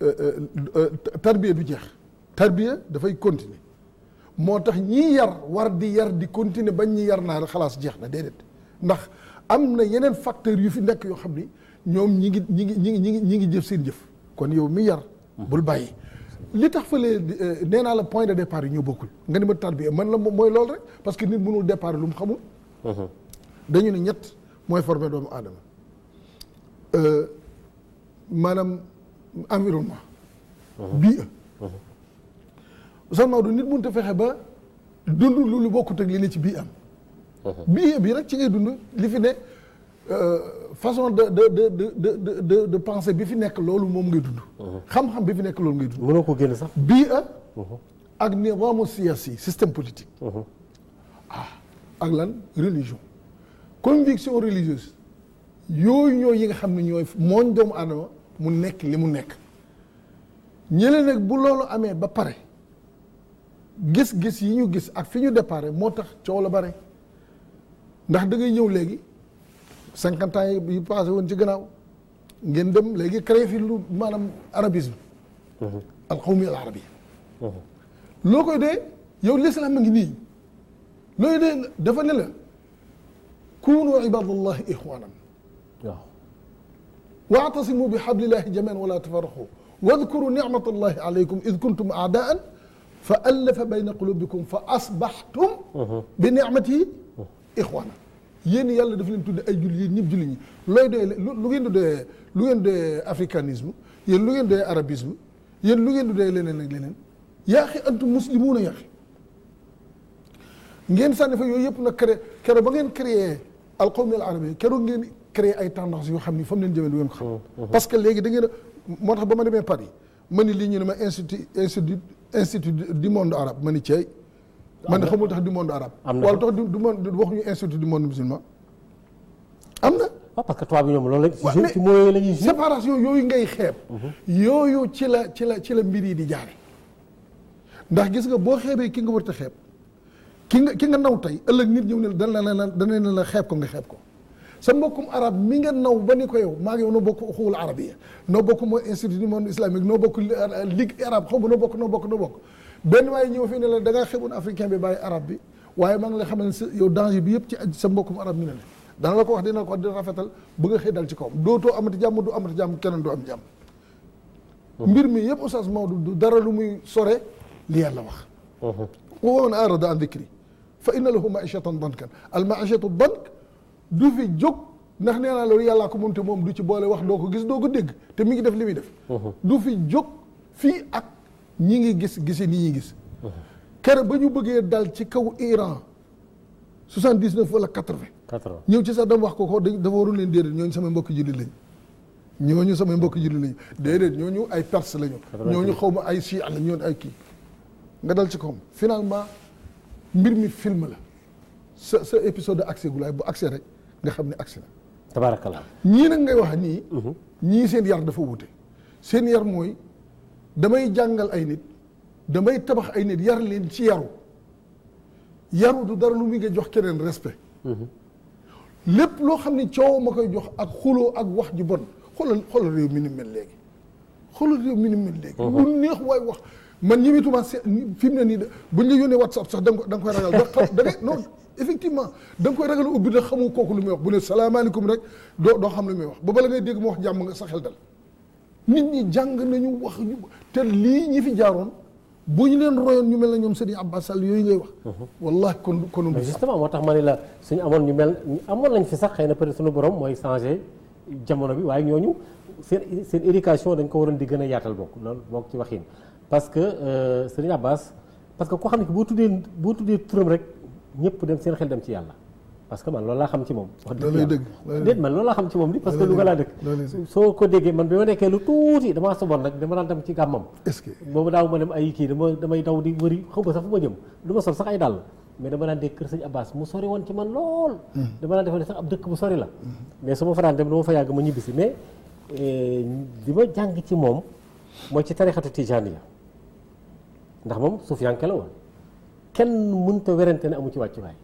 euh, euh, tarbiya bi jeex tarbiya dafay continuer moo tax ñi yar war di yar di continuer bañ ñi yar naa rek xalaas jeex na déedéet ndax am na yeneen facteurs yu fi nekk yoo xam ni ñoom ñi ngi ñi ngi ñi ngi ñi ngi ñi ngi jëf seen jëf kon yow mi yar bul bàyyi li tax fële euh, nee naa la point de départ yi ñoo bokkul nga ni ma tarbiya man la mooy loolu rek parce que nit mënul départ lu mu xamul mm-hmm. dañu ne ñett mooy former doomu aadama euh, maanaam environnement mm-hmm. bii mm-hmm. Oustaz Maodo nit mun a fexe ba dund lu lu bokkut ak li ne ci bii am. Mhm. bii bii rek ci ngay dund li fi ne euh, façon de de de de de de de pensée bi fi nekk loolu moom ngay dund. Mhm. xam-xam bi fi nekk loolu ngay dund. mënoo ko génn sax bii mhm. ak nizaamu siyaasi système politique. ah ak lan religion. conviction religieuse yooyu ñooy yi nga xam ne ñooy mooñ doomu aadama mu nekk li mu nekk ñeneen nag bu loolu amee ba pare. gis-gis yi ñu gis ak fi ñu depare moo tax coow la bare ndax da ngay ñëw léegi cinquante ans yi passé woon ci gannaaw ngeen dem léegi créé fi lu maanaam arabisme alxawmi mhm. al arabi mhm. loo koy dee yow lislaam a ngi nii looy dee dafa ne la kunu ibadallahi ixwanan waaw waatasimu bi hablillahi jamian wala tafarraqu wadkuru nicmatallahi alaykum id kuntum aadaan fa allafa bayna qulubikum fa asbaxtum mhm. bi ni'mati ixwaana yéen yàlla daf leen tudde ay julli yéen ñëpp julli ñi looy doyee lu ngeen di doyee lu ngeen doyee africanisme yéen lu ngeen doyee arabisme yéen lu ngeen di leneen ak leneen yaa xi antum muslimuuna yaa xi ngeen sànni fa yooyu yëpp nag créé keroog ba ngeen créé alqawmi al arabi keroo ngeen créé ay tendance yoo xam ni fa mu leen jëmee du ngeen xam mhm, mhm. parce que léegi da ngeen moo tax ba ma demee Paris ma ni lii ñu ne ma institut institut du monde arabe man ni Thièye. man de xamul tax du monde arabe. am na wala tax du monde waxuñu institut du monde musulman am na. waaw ah, parce que tubaab bi ñoom loolu la. ci mooy yooyu ngay xeeb. Mhm. yooyu ci la ci la ci la mbir yi di jaare ndax gis nga boo xeebee ki nga warut a xeeb ki nga ki nga naw tey ëllëg nit ñëw ne dana la dana la xeeb ko nga xeeb ko. sa mbokkum arab mi nga naw ba ni ko yow maa ngi yow noo bokk xuwul arabia noo bokk mooy institut du monde islamique noo bokk euh, ligue arabe xaw ma noo bokk noo bokk noo bokk benn waaye ñëw fii ne la da ngaa xeeboon africain bi bàyyi arabe bi waaye maa ngi la xamal ne yow danger bi yëpp ci sa mbokkum arab mi na ne dana la ko wax dina la ko wax dina rafetal ba nga xëy dal ci kawam dootoo amati jàmm du amati jàmm keneen du am jàmm mbir mi yëpp oustaz Maodo du dara lu muy sore li yàlla wax mhm. wa man arada an dicri fa inna lahu maishatan dankan al maishatu dank du fi jóg ndax nee loolu yàllaa ko moom te moom du ci boole wax doo ko gis doo ko dégg te mi ngi def li muy def. Mhm. du fi jóg fii ak ñi ngi gis gisi ni ñuy gis. kere ba ñu bëggee dal ci kaw Iran soixante dix neuf wala quatre ñëw ci sax dama wax ko ko dafa warul leen déedéet ñooñu samay mbokk jullit lañ. ñooñu samay mbokk jullit lañu déedéet ñooñu ay perse lañu. ñooñu xaw ma ay si àll ñooñu ay kii. nga dal ci kawam finalement mbir mi film la sa sa épisode accès gu laay bu accès rek. nga xam ne agsi na. tabaarakalla ñii nag ngay wax nii. Mhm. ñii seen yar dafa wute. seen yar mooy damay jàngal ay nit damay tabax ay nit yar leen ci yaru yaru du dara lu muy nga jox keneen respect. Mhm. lépp loo xam ne coow ma koy jox ak xuloo ak wax ji bon xoolal xoolal réew mi ni mel léegi. xoolal réew mi ni mel léegi. Mhm. lu neex waay wax man ñi muy tuuma fi mu ne nii buñ la yónnee WhatsApp sax da nga koy ragal da noonu effectivement da nga koy ragal ubbi da xamoo kooku lu muy wax bu ne salaamaaleykum rek doo doo xam lu muy wax ba bala ngay dégg mu wax jàmm nga sa xel dal nit ñi jàng nañu wax te lii ñi fi jaaroon bu ñu leen royoon ñu mel na ñoom Serigne Abbas Sall yooyu ngay wax. Mhm. wallahi kon kon. mais justement moo tax ma ne la suñu amoon ñu mel amoon nañ fi sax xëy na peut suñu borom mooy changé jamono bi waaye ñooñu seen seen éducation dañ ko waroon di gën a yaatal bokk loolu bokk ci waxin parce que euh, Serigne Abbas parce que koo xam ne boo tuddee boo tuddee turam rek. ñëpp dem seen xel dem ci yàlla parce que man loolu laa xam ci moom wax dëgg déet man loolu laa xam ci moom li parce que Louga laa dëkk soo ko déggee man bi ma nekkee lu tuuti damaa soboon nag dama daan dem ci gàmmam boobu daaw ma dem ay kii dama damay daw di wëri xaw ma sax fu ma jëm du ma sol sax ay dàll mais dama daan dégg kër sëñ Abbas mu woon ci man lool hmm. dama daan defal ne sax ab dëkk bu sori la hmm. mais su ma fa daan dem dama fa yàgg ma ñibbisi mais euh, li ma jàng ci moom mooy ci tarixatu ya ndax moom suufiyanke la woon kenn mënta werante ne amu ci wàccuwaay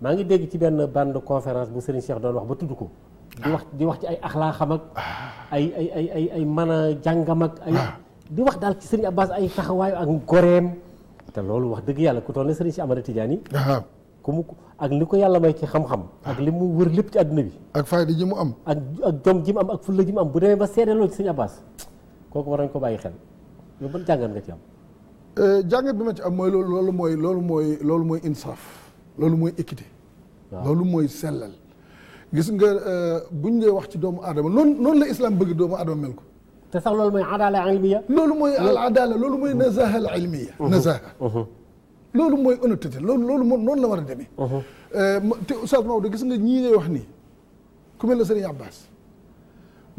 maa ngi dégg ci benn bande conférence bu Serigne Cheikh doon wax ba tudd ko. di wax di wax ci ay xam ak. ay ay ay ay ay mën a jàngam ak. di wax daal ci Serigne Abbas ay taxawaayu ak goreem. te loolu wax dëgg yàlla ku toll ne Serigne Cheikh Amady yi. ku mu ak li ko yàlla may ci xam-xam. ak li mu wër lépp ci àdduna bi. ak fayda ji mu am. ak ak jom ji mu am ak fulla ji mu am bu demee ba seede loolu ci Serigne Abbas kooku war nañ ko bàyyi xel yow ban jàngat nga ci am. Euh, jàngat bi ma ci am mooy loolu loolu mooy loolu mooy loolu mooy insaaf loolu mooy équité loolu mooy sellal gis nga euh, buñ ngay wax ci doomu aadama noonu noonu la islam bëgg doomu aadama mel ko te sax loolu mooy adala loolu mooy al adala loolu mooy mmh. nazaha al ilmiya mmh. nazaha mmh. loolu mooy honnêteté loolu loolu moom noonu la war a demee euh, te Oustaz Maodo gis nga ñii ngay wax nii ku mel ne Serigne Abbas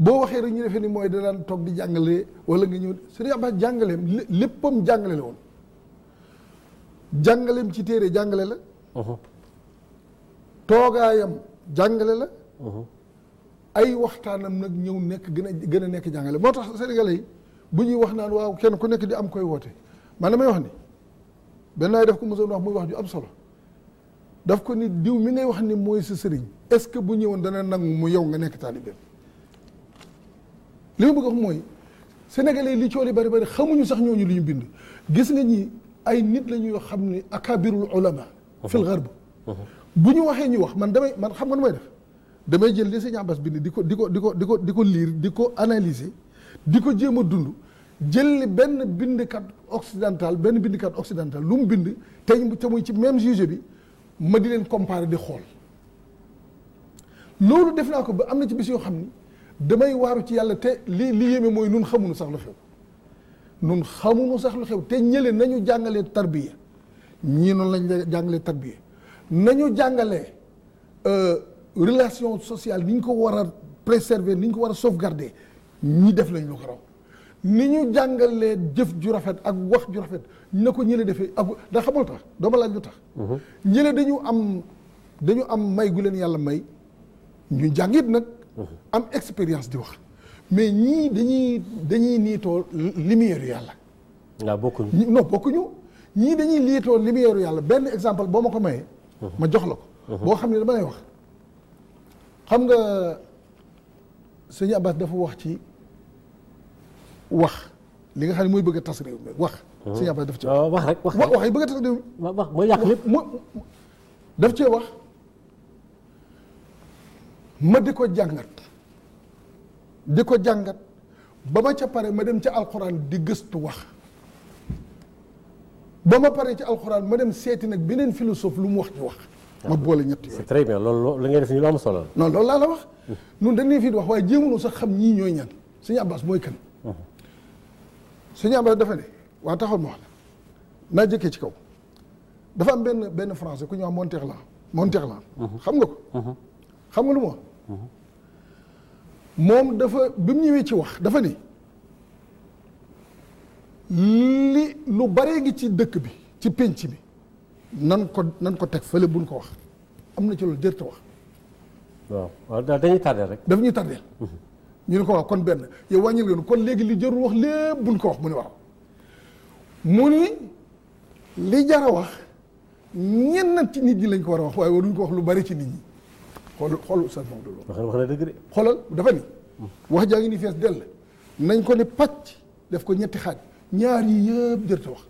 boo waxee rek ñu defee ni mooy da daan toog di jàngale wala nga ñëw Sëriñ Abbas jàngaleem léppam jàngale la woon jàngaleem ci téere jàngale la uh-huh. toogaayam jàngale la uh-huh. ay waxtaanam nag ñëw nekk gën a gën a nekk jàngale moo tax sénégalais bu ñuy wax naan waaw kenn ku nekk di am koy woote man may wax ni benn waay daf ko mosoon wax muy wax ju am solo daf ko ni diw mi ngay wax ni mooy sa sëriñ est-ce que bu ñëwoon dana nangu mu yow nga nekk taalibeem li ma bëgg wax mooy sénégalais li cooli bari bari xamuñu sax ñooñu lu ñu bind gis nga ñi ay nit la ñuy xam ni akabirul ulama fil gharb bu ñu waxee ñu wax man damay man xam nga nu may def damay jël li sëñ Abbas bind di ko di ko di ko di ko di ko lire di ko analyser di ko jéem a dund jël benn bindkat occidental benn bindkat occidental lu mu bind tey te muy ci même juge bi ma di leen comparer di xool loolu def naa ko ba am na ci bis yoo xam ni damay waaru ci yàlla te li li yéeme mooy nun xamuñu sax lu xew nun xamuñu sax lu xew te ñële nañu jàngalee tarbiya ñii noonu lañ la jàngalee tarbiya nañu jàngalee euh, relation sociale ni ñu ko war a préserver ni ñu ko war a sauvegarder ñi def lañ lu ko raw ni ñu jàngalee jëf ju rafet ak wax ju rafet na ko ñële defee ak da xamul tax dama laaj tax mhm. ñële dañu am dañu am may gu leen yàlla may ñu jàngit nag am expérience di wax mais ñii dañuy dañuy niitoo lumière yàlla. waaw bokkuñu non bokkuñu ñii dañuy liitoo lumière yàlla benn exemple boo ma ko mayee. ma jox la ko. Mhm. boo xam ne dama lay wax. xam nga sëñ Abbas dafa wax ci wax li nga xam ne mooy bëgg a tas réew mi wax. Mhm. sëñ Abbas dafa ci ah, wax wax rek wax wax yi bëgg a tas réew mi. wax mooy daf cee wax. ma di ko jàngat di ko jàngat ba ma ca pare ma dem ci alxuraan di gëstu wax ba ma pare ci alxuraan ma dem seeti nag beneen philosophe lu mu wax ñu wax. ma boole ñett yooyu. c'est très bien loolu la ngay def solo la. non laa la wax. ñun dañu fii di wax waaye jéemuñu sax xam ñii ñooy ñan suñu Abbas mooy kan. suñu Abbas dafa ne waa taxul ma wax la naa jëkkee ci kaw dafa am benn benn français ku ñu wax Montherlant Montherlant. xam nga ko. xam nga lu ma wax. moom dafa bi mu ñëwee ci wax dafa ni li lu baree ngi ci dëkk bi ci pénc bi nan ko nan ko teg fële buñ ko wax am na ci loolu jërte wax. waaw dañuy tardé rek. daf ñuy tardé. ñu ne ko wax kon benn yow wàññil leen kon léegi li jarul wax lépp buñ ko wax mu ne waaw mu ni li jar a wax ñenn ci nit ñi lañ ko war a wax waaye waruñ ko wax lu bari ci nit ñi. xool xool Oustaz Maodo loolu. wax na dëgg de. xoolal dafa ni. wax jaa ngi ni fees dell nañ ko ne pacc def ko ñetti xaaj ñaar yi yëpp wax.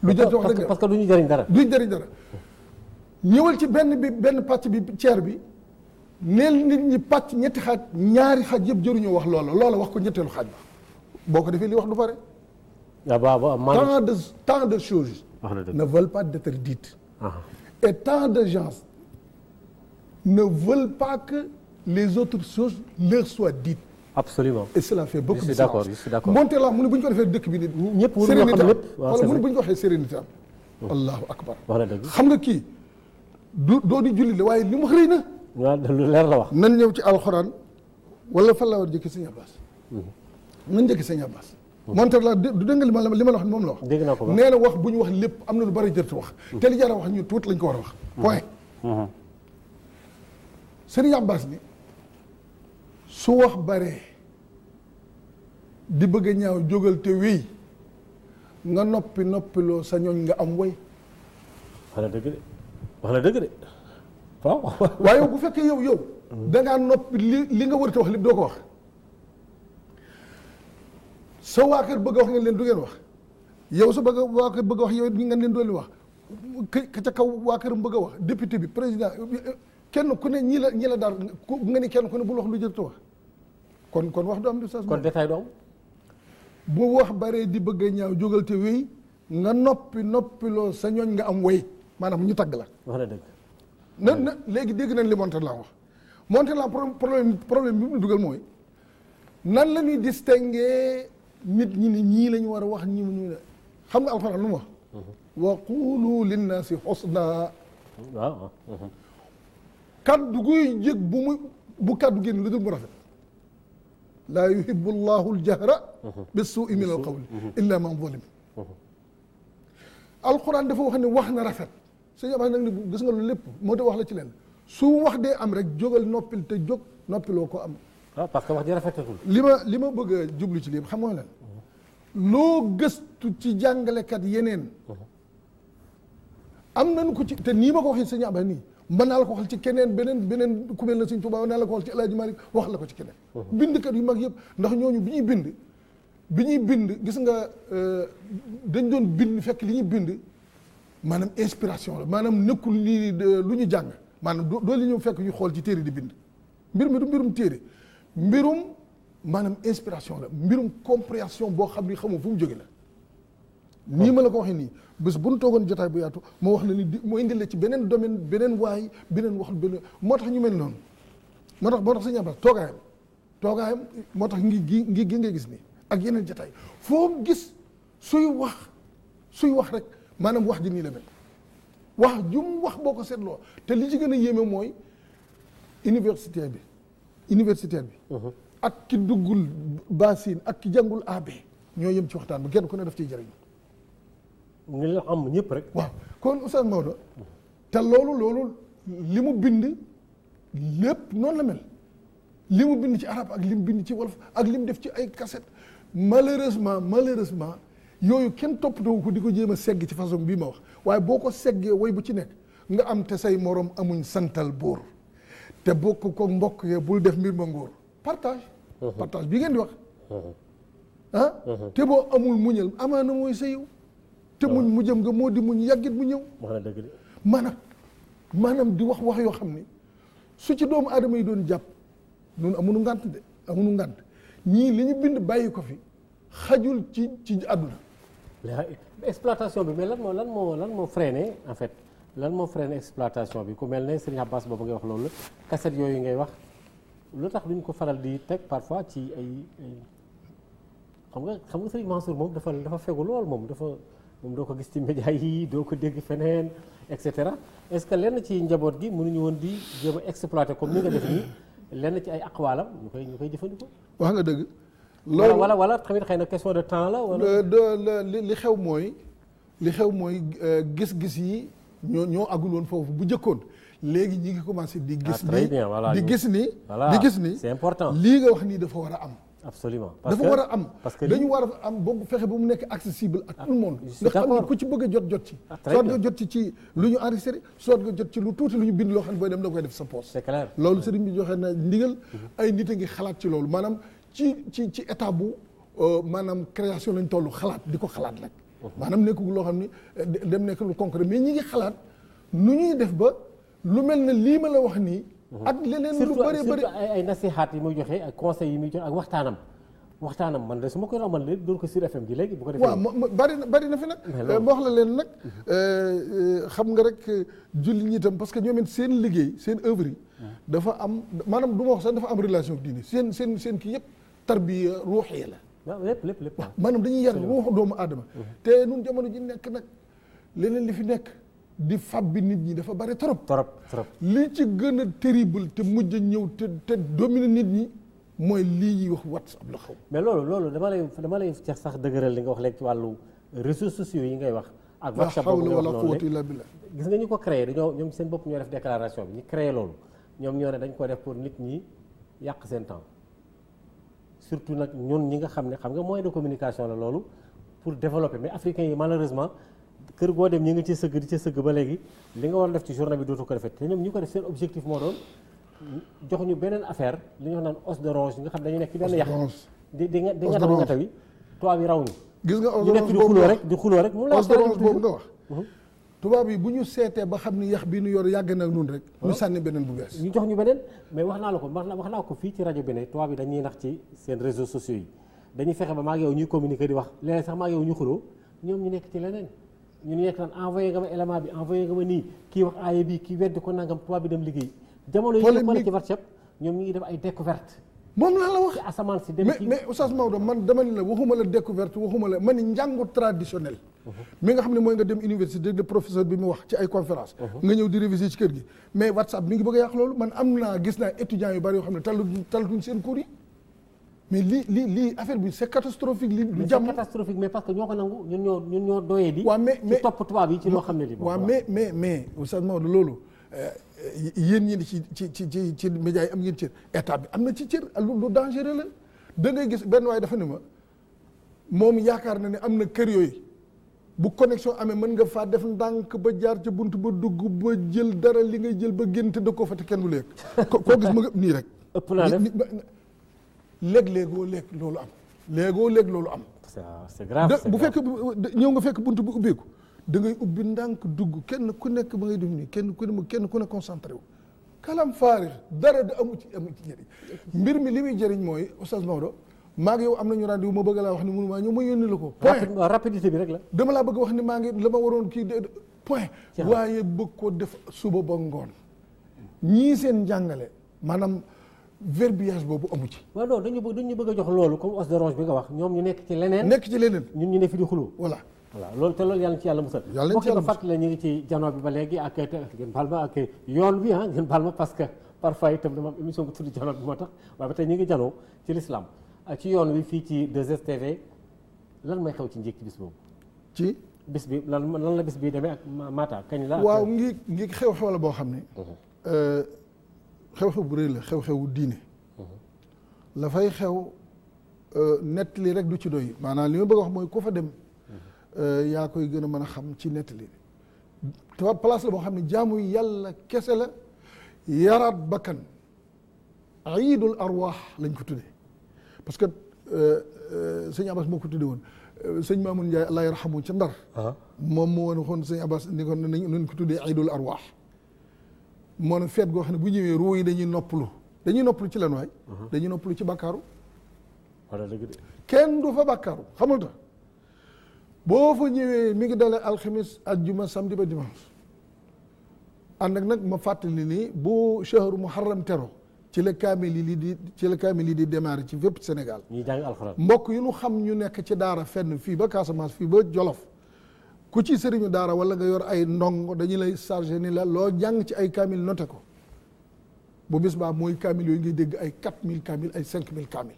lu jër ta parce que du ñu dara. du ñu jëriñ ñëwal ci benn bi benn pàcc bi ceer bi neel nit ñi pàcc ñetti xaaj ñaari xaaj yëpp jëruñoo wax loola loola wax ko ñetteelu xaaj ba boo ko defee ni wax du pare. tant de tant de choses. ne veulent pas d'être dites. Ah. et tant de gens. ne veulent pas que les autres choses leur soient dites. absolument et cela fait beaucoup de sens je suis d'accord moonte la mu ne bu ñu defee dëkk bi nii. ñëpp mënuñoo xam lépp wala mu ne bu allahu akbar dëgg xam nga kii du doo di julli la waaye li mu xëy na. waaw lu leer la wax. nan ñëw ci alxuraan wala fan laa war a jëkki sëñ Abbas. Mhm. nan jëkki sëñ Abbas. moonte la du dégg nga li ma la li ma la wax moom la wax. dégg wax bu ñu wax lépp am na lu bari jërëjëf wax. te mhm. li jar a wax ñu tuuti lañ ko war a wax. point. Mhm. Sëriñ Abbas ni su wax baree di bëgg a ñaaw jógal te nga noppi noppiloo sa ñooñ nga am woy wax la dëgg de wax la dëgg waaye yow bu fekkee yow yow dangaa noppi li li nga wërte wax li doo ko wax sa waa kër bëgg wax ngeen leen du ngeen wax yow sa bëgg waa kër bëgg a wax yow ngeen leen dool dooli wax ka ca kaw waa mu bëgg wax député bi président kenn ku ne ñii la ñi la daal nga ni kenn ku ne bul wax lu jërtu wax kon kon wax du am di sas kon détail du wax baree di bëgg a ñaaw jógal te wéy noppiloo sa ñooñ nga am wéy maanaam ñu tagg la wax na dëgg na na léegi dégg nañ li Monteslan wax Monteslan problème problème bi mu dugal mooy nan la ñuy distinguer nit ñi nit ñii lañu war a wax ñi ñu ne xam nga alxuraan lu mu wax mhm. wa qulu linnaasi xusna waaw mhm. kaddu guy yëg bu mu bu kaddu génn lu dul mu rafet laa yuhibbu llahu aljahra bi suui min alqawli illa man zolima alquran dafa wax ne wax na rafet sëñ Abass nag ne gis nga loolu lépp moo tax wax la ci leen su wax dee am rek jógal noppil te jóg noppiloo ko am waaw ah, parce que wax ji rafetatul li ma li ma bëgg a jublu ci lii xam nga lan loo gëstu ci jàngalekat yeneen am nañu ko ci te nii ma ko waxee sëñ Abass nii mën naa la ko waxal ci keneen beneen beneen ku mel na Sëñ Tuubaa mën naa la ko waxal ci El Hadj wax la ko ci keneen mhm. kat yu mag yëpp ndax ñooñu bi ñuy bind bi ñuy bind gis nga euh, dañ doon bind fekk li ñuy bind maanaam inspiration la maanaam nekkul lii euh, lu ñu jàng maanaam doo li ñëw fekk ñu xool ci téere di bind mbir mi du mbirum téere mbirum maanaam inspiration la mbirum compréhension boo xam ni xamoo fu mu jóge la nii ma la ko waxee nii bés bu nu toogoon jotaay bu yaatu moo wax la ni di moo indil la ci beneen domaine beneen waay beneen wax beneen moo tax ñu mel noonu moo tax moo tax suñu abbas toogaayam toogaayam moo tax ngi gi ngi gi nga gis nii ak yeneen jotaay foo gis suy wax suy wax rek maanaam wax ji nii wax jum wax boo ko seetloo te li ci gën a yéeme mooy universitaire bi universitaire bi uh-huh. ak ki duggul basin ak ki jàngul AB ñoo yem ci waxtaan bi kenn ku ne daf ciy jëriñ ñu leen am ñëpp rek. waaw kon Oustaz loolu loolu li mu bind lépp noonu li mu bind ci arab ak li mu bind ci wolof ak li mu def ci ay cassette malheureusement malheureusement yooyu kenn toppatoo ko di ko jéem a segg ci façon bii ma wax waaye boo ko seggee woy bu ci nekk nga am te say morom amuñ santal buur te bokk ko mbokk yee bul def mbir ma ngóor partage. Mhm. partage bi ngeen di wax. Mhm. Ah? Mhm. te boo amul muñal na mooy sa yiw te muñ mu jëm nga moo di muñ yàggit mu ñëw maanaam maanaam di wax wax yoo xam ni su ci doomu aadama yi doon jàpp noonu amunu ngànt de amunu ngànt ñii li ñu bind bàyyi ko fi xajul ci ci àdduna exploitation bi mais lan moo lan moo lan moo freiné en fait lan moo freiné exploitation bi ku mel ne Serigne Abbas boobu ngay wax loolu la kaset yooyu ngay wax lu tax duñ ko faral di teg parfois ci ay xam nga xam nga Serigne Mansour moom dafa dafa fegu loolu moom dafa moom doo ko gis ci média yi doo ko dégg feneen et cetera est ce que lenn ci njaboot gi mënuñu woon di jéem a exploité comme ni nga def nii lenn ci ay waalam ñu koy ñu koy jëfandikoo. wax nga dëgg. loolu wala wala tamit xëy na question de temps la wala. de li xew mooy li xew mooy euh, gis-gis yi ñoo ñoo agul woon foofu bu njëkkoon léegi ñi ngi commencé. di gis ah, ni di gis ni. di gis ni lii nga wax nii dafa war a am. absolument dafa war a am dañu war a am boo fexe ba mu nekk accessible à tout le monde ah, nga xam ku ci bëgg a jot jot ci ah, soit nga jot ci lu ñu enregistré soit nga jot ci lu tuuti lu ñu bind loo xam ne booy dem a ngi xalaat ci loolu euh, di ko xalaat rek mhm. maanaam nekkul loo xam ne euh, dem nekk lu concret mais ñi ngi xalaat nu ñuy def ba lu mel ne lii ma la wax nii ak leneen lu bëri bëri surtout ay nasihaat yi muy joxe ak conseils yi muy joxe ak waxtaanam waxtaanam man de su ma koy amal léegi doon ko sur FM gi léegi bu ko defee waaw bari na bari na fi nag eh, ma wax la leen nag mm-hmm. eh, eh, xam nga rek julli ñi itam parce que ñoom it seen liggéey seen œuvre mm-hmm. dafa am maanaam du ma wax sax dafa am relation ak diine seen seen seen kii yëpp tarbiya ruuxiya la waaw lépp lépp lépp maanaam dañuy yar ruuxu doomu aadama mm-hmm. te nun jamono ji nekk nag leneen li fi nekk di fab bi nit ñi dafa bari trop. trop trop li ci gën a terrible te mujj a ñëw te te dominer nit ñi mooy lii ñuy wax WhatsApp la xaw. mais loolu loolu dama lay dama lay ceex sax dëgëral li nga wax léegi ci wàllu réseaux sociaux yi ngay wax. ak WhatsApp boobu nga wax noonu la gis nga ñu ko créé dañoo ñoom seen bopp ñoo def déclaration bi ñu créé loolu ñoom ñoo ne dañ ko def pour nit ñi yàq seen temps surtout nag ñun ñi nga xam ne xam nga moyen de communication la loolu pour développer mais africains yi malheureusement. kër goo dem ñu nga ci sëgg di ci sëgg ba léegi li nga war a def ci journée bi dootu ko defet te ñoom ñu ko def seen objectif moo doon jox ñu beneen affaire li ñu wax naan os xam dañu nekk ci benn yàq di di rek di xuloo rek moom la wax mhm. tubaab yi bu ñu seetee ba xam ni yax bi ñu yor yàgg na nun rek ñu sànni beneen bu bees ñu jox ñu beneen mais wax naa la ko wax naa ko fii ci rajo bi ne tubaab yi dañuy nax ci seen réseaux sociaux yi dañuy fexe ba maa ngi yow ñuy communiquer di wax léeg sax maa ngi yow ñu nekk ci leneen ñu nekk naan envoyé nga ma élément bi envoyé nga ma nii kii wax aaya bi kii weddi ko nangam tubaab bi dem liggéey jamono yi ñu ay découverte moom laa la wax ci asamaan si dem mais mais Oustaz Maodo man a ne la waxuma la découverte waxuma la man njàngu traditionnel mhm. mi nga xam ne mooy nga dem université de professeur bi mu wax ci ay conférence mhm. nga ñëw di réviser ci kër gi mais WhatsApp mi ngi bëgg a loolu man am naa gis naa étudiants yu bari yoo xam ne talu talatuñ seen cours mais lii lii lii affaire bi c'est catastrophique li du jàmm catastrophique mais parce que ñoo ko nangu ñun ñoo ñun ñoo doyee di waaw mais mais topp tubaab yi ci loo xam ne mais mais mais loolu euh, yéen ñi ci ci ci ci ci médias yi am ngeen cër état bi am na ci cër lu dangereux la da ngay gis benn waaye dafa ne ma moom yaakaar na ne am na kër yooyu bu connexion amee mën nga faa def ndànk ba jaar ca bunt ba dugg ba jël dara li ngay jël ba génn te da koo fa te kenn du la yëg koo gis ma nga nii rek ëpp naa léeg-léegoo léeg loolu am léegoo léeg loolu am. c'est euh, grave bu fekk ñëw nga fekk bunt bi ubbeeku da ngay ubbi ndànk dugg kenn ku nekk ba ngay def nii kenn ku ne kenn ku ne concentré wu. kalam faarir dara da amu ci amu ci njëriñ mbir mi li muy jëriñ mooy oustaz Maodo maa ngi yow am na rendez-vous ma bëgg laa wax ni mënu maa ñëw ma yónni la ko. point rapidité bi rek la. dama laa bëgg wax ni maa ngi la ma waroon kii point. waaye bëgg ko def suba ba ngoon ñii seen njàngale maanaam. verbiage boobu amu ci. waaw non dañu dañu bëgg a jox loolu comme os de ronge bi nga wax ñoom ñu nekk ci leneen. nekk ci leneen ñun ñu ne fi di xuloo. voilà voilà loolu te loolu yàlla ci yàlla musal. yàlla ngi ci janoo bi ba léegi ak bi ah, bi moo tax waaye ba tey ñu ngi janoo ci l'islam ci yoon wi fii ci 2STV lan may xew ci njëkk bis boobu. ci bis bi lan la bis bi demee ak Maata kañ la. waaw ngi ngi xew xew la boo xam ne. Mhm. Euh, xew-xew bu rëy la xew xew diine la fay xew euh, nettali rek du ci doy maanaam li ma bëgg a wax mooy ku fa dem euh, yaa koy gën a mën a xam ci nettali te place la boo xam ne jaamu yàlla kese la yaraat bakkan iidul arwaax lañ ko tuddee parce que euh, sëñ Abbas moo ko tuddee woon sëñ Maamun Njaay allah yarhamu ca ndar ah. moom moo woon xoon sëñ Abbas ni ko nañ ku tuddee ay iidul arwaax moo na feet goo xam ne bu ñëwee ruu yi dañuy noppalu dañuy noppalu ci lan waay uh-huh. dañuy noppalu ci bàkkaaru kenn du fa bàkkaaru xamul ta boo fa ñëwee mi ngi dalee alxamis aljuma samedi ba dimanche ànd ak nag ma fàttali ni bu shahru muharram tero ci la kaamil lii di ci la kaamil yi di démarré ci fépp Sénégal mbokk yu nu xam ñu nekk ci daara fenn fii ba Casamance fii ba Jolof ku ci sëriñu daara wala nga yor ay ndongo dañu lay chargé ni la loo jàng ci ay kaamil noté ko bu bis baa mooy kaamil yooyu ngay dégg ay quatre mille kaamil ay cinq mille kaamil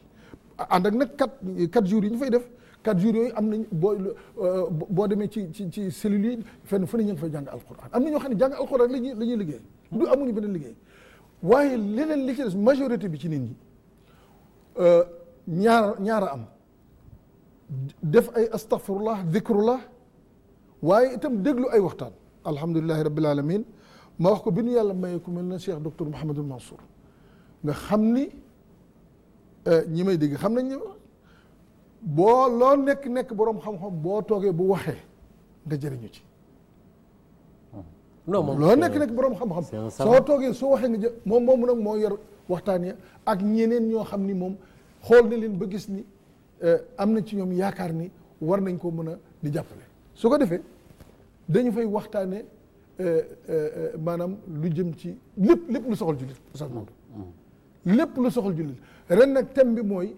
ànd ak nag quatre quatre jours yi ñu fay def quatre jours yooyu am nañ boo euh, boo demee ci ci ci cellules yi fenn fu ne ñu ngi fay jàng alquran am na ñoo xam ne jàng alquran lañuy la ñuy liggéey du amuñu beneen liggéey waaye leneen li ci des majorité bi ci nit ñi euh, ñaar ñaar am def ay astaghfirullah zikrullah waaye itam déglu ay waxtaan alhamdulilahi rabbil alamin ma wax ko bi nu yàlla maye ku mel na cheikh docteur Mouhamadul Mansour nga xam ni eh, ñi may dégg xam nañ boo loo nekk nekk boroom xam-xam boo toogee bu waxee nga jëriñu ci. non moom loo nekk nekk boroom xam-xam. soo toogee soo waxee nga jë moom moo mun a moo yor waxtaan ya ak ñeneen ñoo xam ni moom xool na leen ba gis ni eh, am na ci ñoom yaakaar ni war nañ koo mën a di jàppale. su ko defee dañu fay waxtaane euh, euh, euh, maanaam lu jëm ci lépp lépp lu soxal jullit sax Maodo hmm. lépp lu soxal jullit ren nag thème bi mooy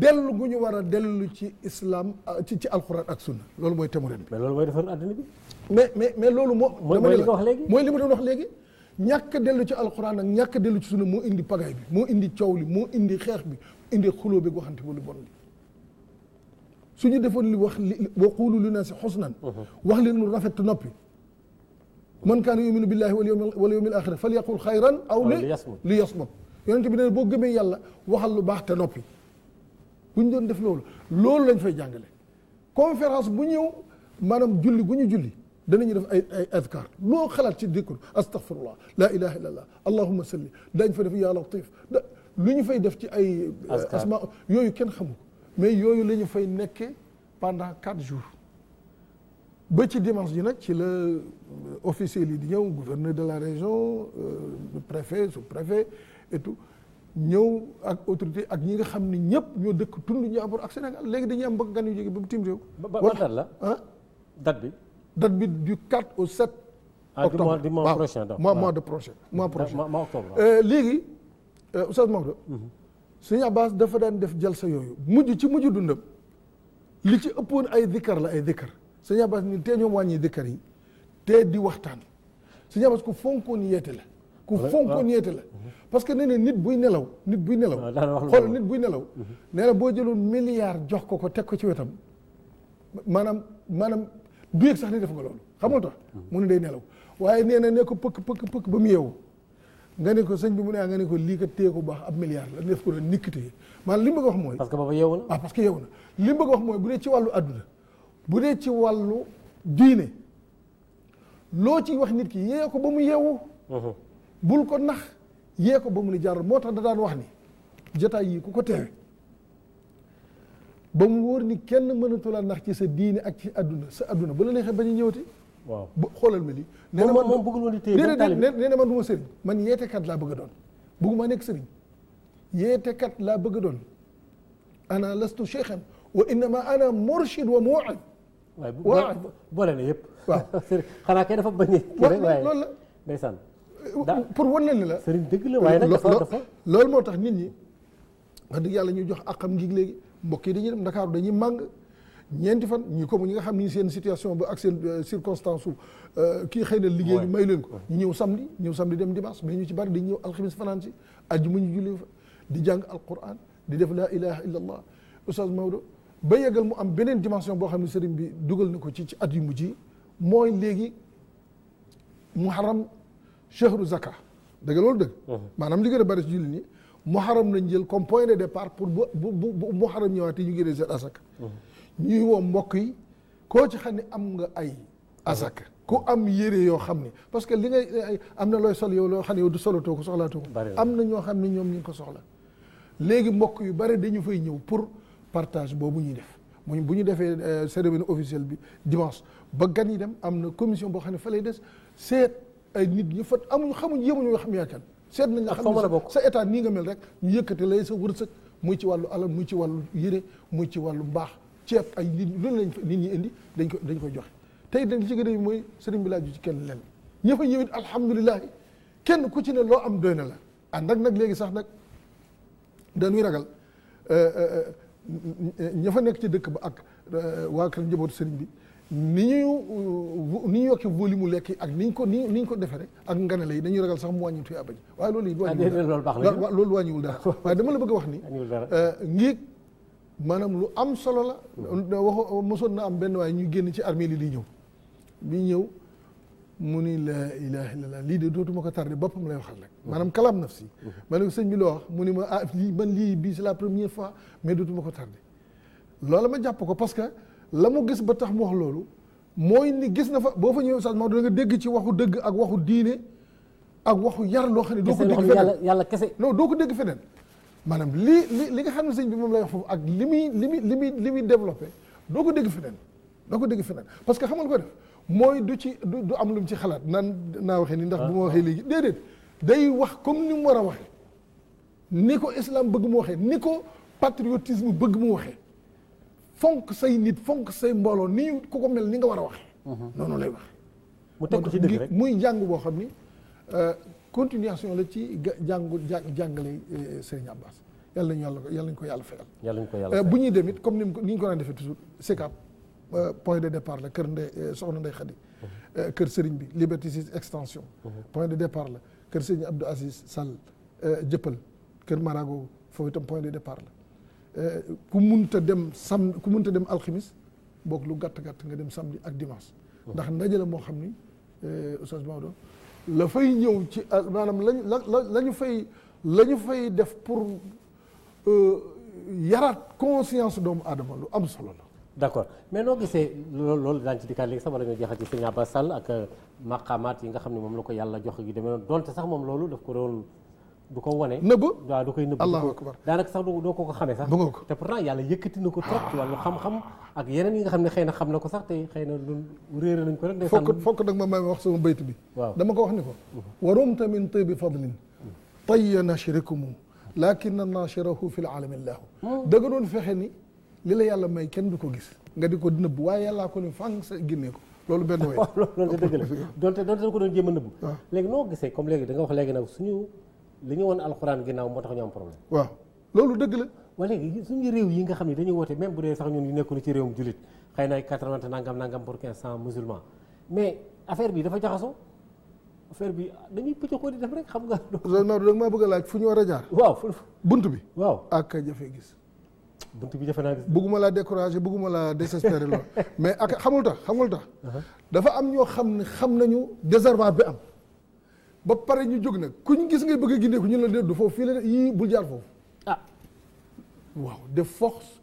dellu gu ñu war a dellu ci islam ci ci alxuraan ak sunna loolu mooy thème ren bi. mais loolu mooy defar àddina bi. mais mais mais loolu moo. dama ne la mooy li ma doon wax léegi. ñàkk dellu ci alxuraan ak ñàkk dellu ci sunna moo indi pagaay bi moo indi coow li moo indi xeex bi indi xuloo bi waxante bu lu bon li su ñu defoon li wax li waquulu li naasi xusnan uh-huh. wax leen lu rafet noppi man kaana yuminu billahi wal yawmil axira fal yaqul xayran aw li li yasmut yonente bi ne boo gëmee yàlla waxal lu baax te noppi bu ñu def loolu loolu lañ fay jàngale conférence bu ñëw maanaam julli bu ñu julli danañu def ay ay azkar loo xalaat ci dikr astaghfirullah la ilaha illa allah allahumma salli dañ fa def ya latif da lu ñu fay def ci ay asma yooyu kenn xamu mais yooyu la ñu fay nekke pendant quatre jours ba ci dimanche ji nag ci la euh, officiel yi di ñëw gouverneur de la région euh, préfet sous-préfet et tout ñëw ak autorité ak ñi nga xam ni ñëpp ñoo dëkk tund Njambur ak Sénégal léegi dañu am ba gan yu jóge ba bitim réew. ba ban date la ah. date bi. date bi du 4 au 7. octobre ah, mois du mois prochain mois mois de prochain mois prochain. mois octobre euh, léegi euh, suñu abbas dafa daan def jal sa yooyu mujj ci mujj dundam li ci ëppoon ay dikkar la ay dikkar suñu abbas ni te ñoom wàññi dikkar yi te di waxtaan suñu abbas ku fonkoon yeete la ku fonkoon yeete la mhm. parce que nee na nit buy nelaw nit buy nelaw xool nit buy nelaw mhm. nee na boo jëloon milliard jox ko ko teg ko ci wetam maanaam maanaam du yëg sax ni def nga loolu xamul tax mhm. mu ne day nelaw waaye nee na ne ko pëkk pëkk pëkk ba mu yeewu nga ne ko sëñ bi ne ah nga ko lii kat téye ko baax ab milliard la def ko doon nikkite maanaam li a wax mooy. parce que booba yeewu na ah parce a wax bu dee ci wàllu adduna bu dee ci wàllu diine loo ci wax nit ki yee ko ba mu yeewu. Mhm. bul ko nax yee ko ba mu ne jaar moo tax da daan wax ni jotaay yi ku ko teewe ba mu wóor ni kenn mënatu la nax ci sa diine ak ci adduna sa adduna bu la neexee bañ ñëw ti waaw ba xoolal ma lii. nee na man moom bëggul woon di téye nee na man du ma sëriñ laa bëgg a doon bëgguma nekk sëriñ yeetekat laa bëgg a doon ana lastu cheikhan wa innama ana murshid wa mu'in waaye bu boole na yëpp. waaw *laughs* xanaa kay dafa bañ a. waaye loolu la ndeysaan. Euh, pour wan leen la. sëriñ dëgg la waaye nag dafa dafa. loolu moo tax nit ñi wax dëgg yàlla ñuy jox akam ngi léegi mbokk yi dañuy dem Dakar dañuy màng. ñeenti fan ñi comme ñi nga xam ni seen situation ba ak seen euh, circonstance su euh, kii xëy na liggéey bi may leen ko ñu ñëw samedi ñëw samedi dem dimanche mais ñu ci bari dañ ñëw alxamis fanaan si àjjuma ñu julli fa di jàng alquran di def laa ilaha illa allah oustaz Maodo ba yeggal mu am beneen dimension boo xam ne sëriñ bi dugal na ko ci ci at yu mujj yi mooy léegi muharram chehru zaka dëgg loolu dëgg maanaam li gën a bari ci julli ni muharram lañ jël comme point de départ pour bu bu bu muharram ñëwaatee ñu génnee seen asaka ñuy woo mbokk yi koo ci xam ne am nga ay asaka ku am yére yoo xam ne parce que li ngay am na looy sol yow loo xam ne yow du solo toog ko soxlaatoo ko am na ñoo xam ne ñoom ñu ko soxla léegi mbokk yu bari dañu fay ñëw pour partage boobu ñuy def mu bu ñu defee euh, cérémonie officielle bi dimanche ba gan yi dem am na commission boo xam ne fa lay des seet ay nit ñu fa amuñu xamuñ yémuñu nga xam yaakan seet nañ la xam sa état nii nga mel rek ñu yëkkati lay sa wërsëg muy ci wàllu alal muy ci wàllu yére muy ci wàllu mbaax ceeb ay nit loolu lañ fa nit ñi indi dañ ko dañ koy joxe tey dañ ci gën a mooy sëriñ bi laaju ci kenn lenn ñë fa ñëw it alhamdulilah kenn ku ci ne loo am doy na la ànd ah, nag léegi sax nag dañuy ragal euh, euh, euh, ña fa nekk ci dëkk ba ak waa kër njabootu bi ni ñuy ñu yokkee volume mu lekk ak ñu ko ni ñu ko defere ak nganale yi dañuy ragal sax mu wàññi tuy abaji waaye loolu it wàññiwul ah, dara loolu wàññiwul dara *laughs* waaye dama la bëgg wax ni ngiig maanaam lu am solo la waxu mosoon na am benn waaye ñu génn ci armée li di ñëw bi ñëw mu ni laa ilaha illallah lii de dootuma ko tardé boppam lay waxal rek maanaam kalaam naf si ma ne ko sëñ bi loo wax mu ni ma ah lii man lii bii c'est la première fois mais dootuma ko tardé loolu ma jàpp ko parce que la mu gis ba tax mu wax loolu mooy ni gis na fa boo fa ñëwee Oustaz Maodo da nga dégg ci waxu dëgg ak waxu diine ak waxu yar loo xam ne doo ko dégg feneen yàlla kese non doo ko dégg feneen maanaam li li li nga xam ne sëñ bi moom lay wax foofu ak li muy li muy li muy li muy développé doo ko dégg feneen doo ko dégg feneen parce que xamal ko def mooy du ci du am lu mu ci xalaat nan naa waxee ni ndax bu ma waxee léegi déedéet day wax comme ni mu war a waxee ni ko islam bëgg mu waxee ni ko patriotisme bëgg mu waxee fonk say nit fonk say mbooloo ni ku ko mel ni nga war a waxee mhm. noonu lay wax mu teg ko ci dëgg rek muy njàng boo xam ni euh, continuation la ci jàngu jàngale eh, Serigne Abbas yàlla nañu yàlla yàlla nañu ko yàlla fayal. yàlla ko yàlla eh, fayal bu ñuy demit comme ni ñu ko daan defee toujours SICAP eh, point de départ la kër Ndeye Soxna Ndeye Khady. Mhm. kër Serigne bi Liberté 6 extension. Mhm. point de départ la kër Serigne Abdou Aziz Sall jëppal kër Marago foofu itam point de départ la. ku munta dem sam ku munta dem alxamis boog lu gàtt gàtt nga dem samedi ak dimanche. Mhm. ndax ndaje la moo xam ni Oustaz Maodo la fay ñëw ci ah, maanaam lañu la la la fay la ñu fay def pour euh, yaraat conscience doomu aadama lu am solo la. d'accord mais noo gisee loolu loolu daañu ci dikkaat léegi sama la ñoo jeexal ci Serigne Abass Sall ak euh, maqaamaat yi nga xam ne moom la ko yàlla jox gi demee noonu donte sax moom loolu daf ko doon. du ko wane nëbb waaw du koy nëbb allahu ko ko xamee sax bu nga ko te pourtant yàlla yëkkati na ko trop ci wàllu xam-xam ak yeneen yi nga xam ne xëy na xam na ko sax te xëy na lu réere nañ ko rek day fokk fokk nag ma may wax sama bayt bi waaw dama ko wax ni ko warumta min tibi fadlin tayya nashrikumu lakinna nashirahu fi laalami llaahu hmm. da nga doon fexe ni yàlla may kenn du ko gis nga di ko nëbb waaye yàllaa ko ni fang sa génnee ko loolu benn way *laughs* loolu dëgg la *laughs* donte donte da ko doon jéem a nëbb ah. noo gisee comme léegi da nga wax léegi nag suñu li ñu woon alxuraan ginnaaw moo tax ñu am problème. waaw loolu dëgg la. waa léegi suñu réew yi nga xam ne dañuy woote même bu dee sax ñun ñu nekkul ci réewum jullit xëy na ay quatre-vingts nangam nangam pour quinze cent musulmans mais affaire bi dafa jaxasoo affaire bi dañuy pëcc ko di rek xam nga. non non maa bëgg laaj fu ñu war jaar. waaw bunt bi. waaw ak jafe gis. bunt bi jafe naa gis. bëgguma laa découragé bëgguma laa désespéré lool *laughs* mais ak xamul tax xamul tax. Uh-huh. dafa am ñoo xam ne xam nañu désarroi bi am. ba pare ñu jóg nag ku ñu gis ngay bëgg a ku ñu la déedéet du foofu fii la yii bul jaar foofu ah waaw des forces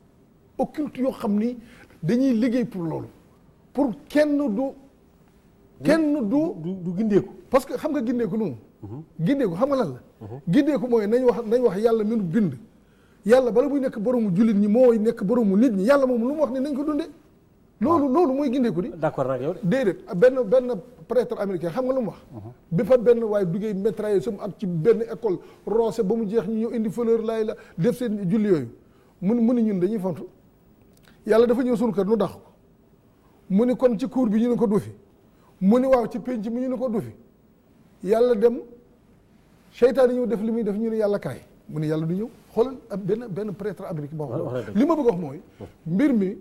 occultes yoo xam ni dañuy liggéey pour loolu pour kenn du kenn du du gindeeku parce que xam nga gindeeku noonu mhm. gindeeku xam nga lal la mhm. gindeeku mooy nañ wax nañ wax yàlla minu bind yàlla bala muy nekk boroomu jullit ñi mooy nekk boroomu nit ñi yàlla moom lu mu wax ne nañ ko dundee loolu loolu mooy gindeeku di. d'accord nag yow de. déedéet benn benn prêtre américain xam nga lu mu wax. Uh-huh. bi fa benn waaye duggee métraillé su mu ak ci benn école roose ba mu jeex ñu ñëw indi fleur laay la def seen julli yooyu mun mu ni ñun dañuy fontu yàlla dafa ñëw suñu kër nu dax ko mu ni kon ci cour bi ñu ne ko du fi mu ni ci penc mi ñu ne ko du yàlla dem seytaan yi def li muy def ñu ne yàlla kaay mu ne yàlla du ñëw xoolal benn benn prêtre américain boo xam li ma bëgg wax mooy mbir mi.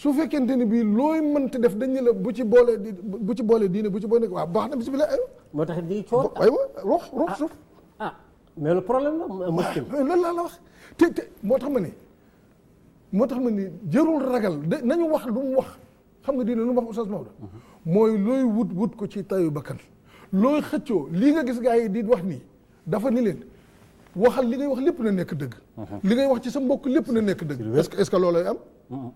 su fekkente ni bii looy mënti def dañu la bu ci boole bu ci boole diine bu ci boole waaw baax na bisimilah. moo tax di coono aywa ruux ruux ah, suuf. ah mais le problème la muskil. Ah, loolu laa la wax te te moo tax ma ne moo tax ma ne jërul ragal de nañu wax lu mu wax xam nga diine lu mu wax Oustaz la mhm. mooy looy wut wut ko ci tayu bakkan. looy xëccoo lii nga gis gaa yi di wax nii dafa ni leen. waxal li ngay wax lépp na nekk dëgg. Mhm. li ngay wax ci sa mbokk lépp na nekk dëgg. est-ce que que loolay am. Mhm.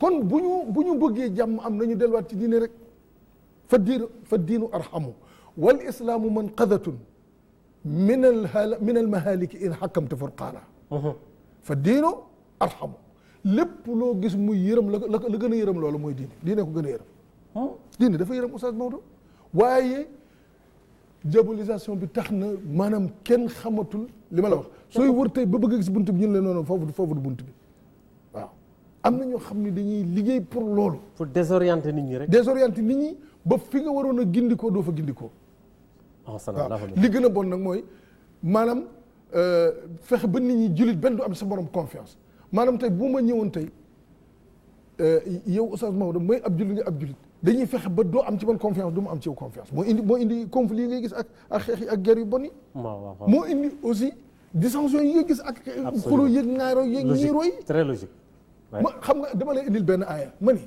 kon bu ñu bu ñu bëggee jàmm am nañu delluwaat ci diine rek fa diinu fa diinu arhamu wal islaamu manqadatun min al min al mahaliki in xakamta furqaana uh-huh. fa diinu arhamu lépp loo gis muy yërëm la la gën a yërëm loolu mooy diine diine ko gën a yërëm diine dafa yërëm Oustaz Maodo waaye diabolisation bi tax na maanaam kenn xamatul li ma la wax uh-huh. sooy wër tey ba bëgg a gis bunt bi ñun la noonu foofu foofu du bunt bi am na ñoo xam ne dañuy liggéey pour loolu. pour désorienter nit ñi rek. désorienter nit ñi ba fi nga waroon a gindikoo doo fa gindikoo. Ah, li gën a bon nag mooy maanaam euh, fexe ba nit ñi jullit benn du am sa borom confiance maanaam tey bu ma ñëwoon tey euh, yow Oustaz Maodo mooy ab jullit nga ab jullit dañuy fexe ba doo am ci man confiance du ma am ci yow confiance moo indi moo indi conflit yi ngay gis ak ak xeex yi ak guerre bon yi. moo indi aussi dissension yi nga gis ak. absolu xulóo yeeg ñaaroo yeeg ñiiroo yi. très ma xam nga dama lay indil benn aaya ma ni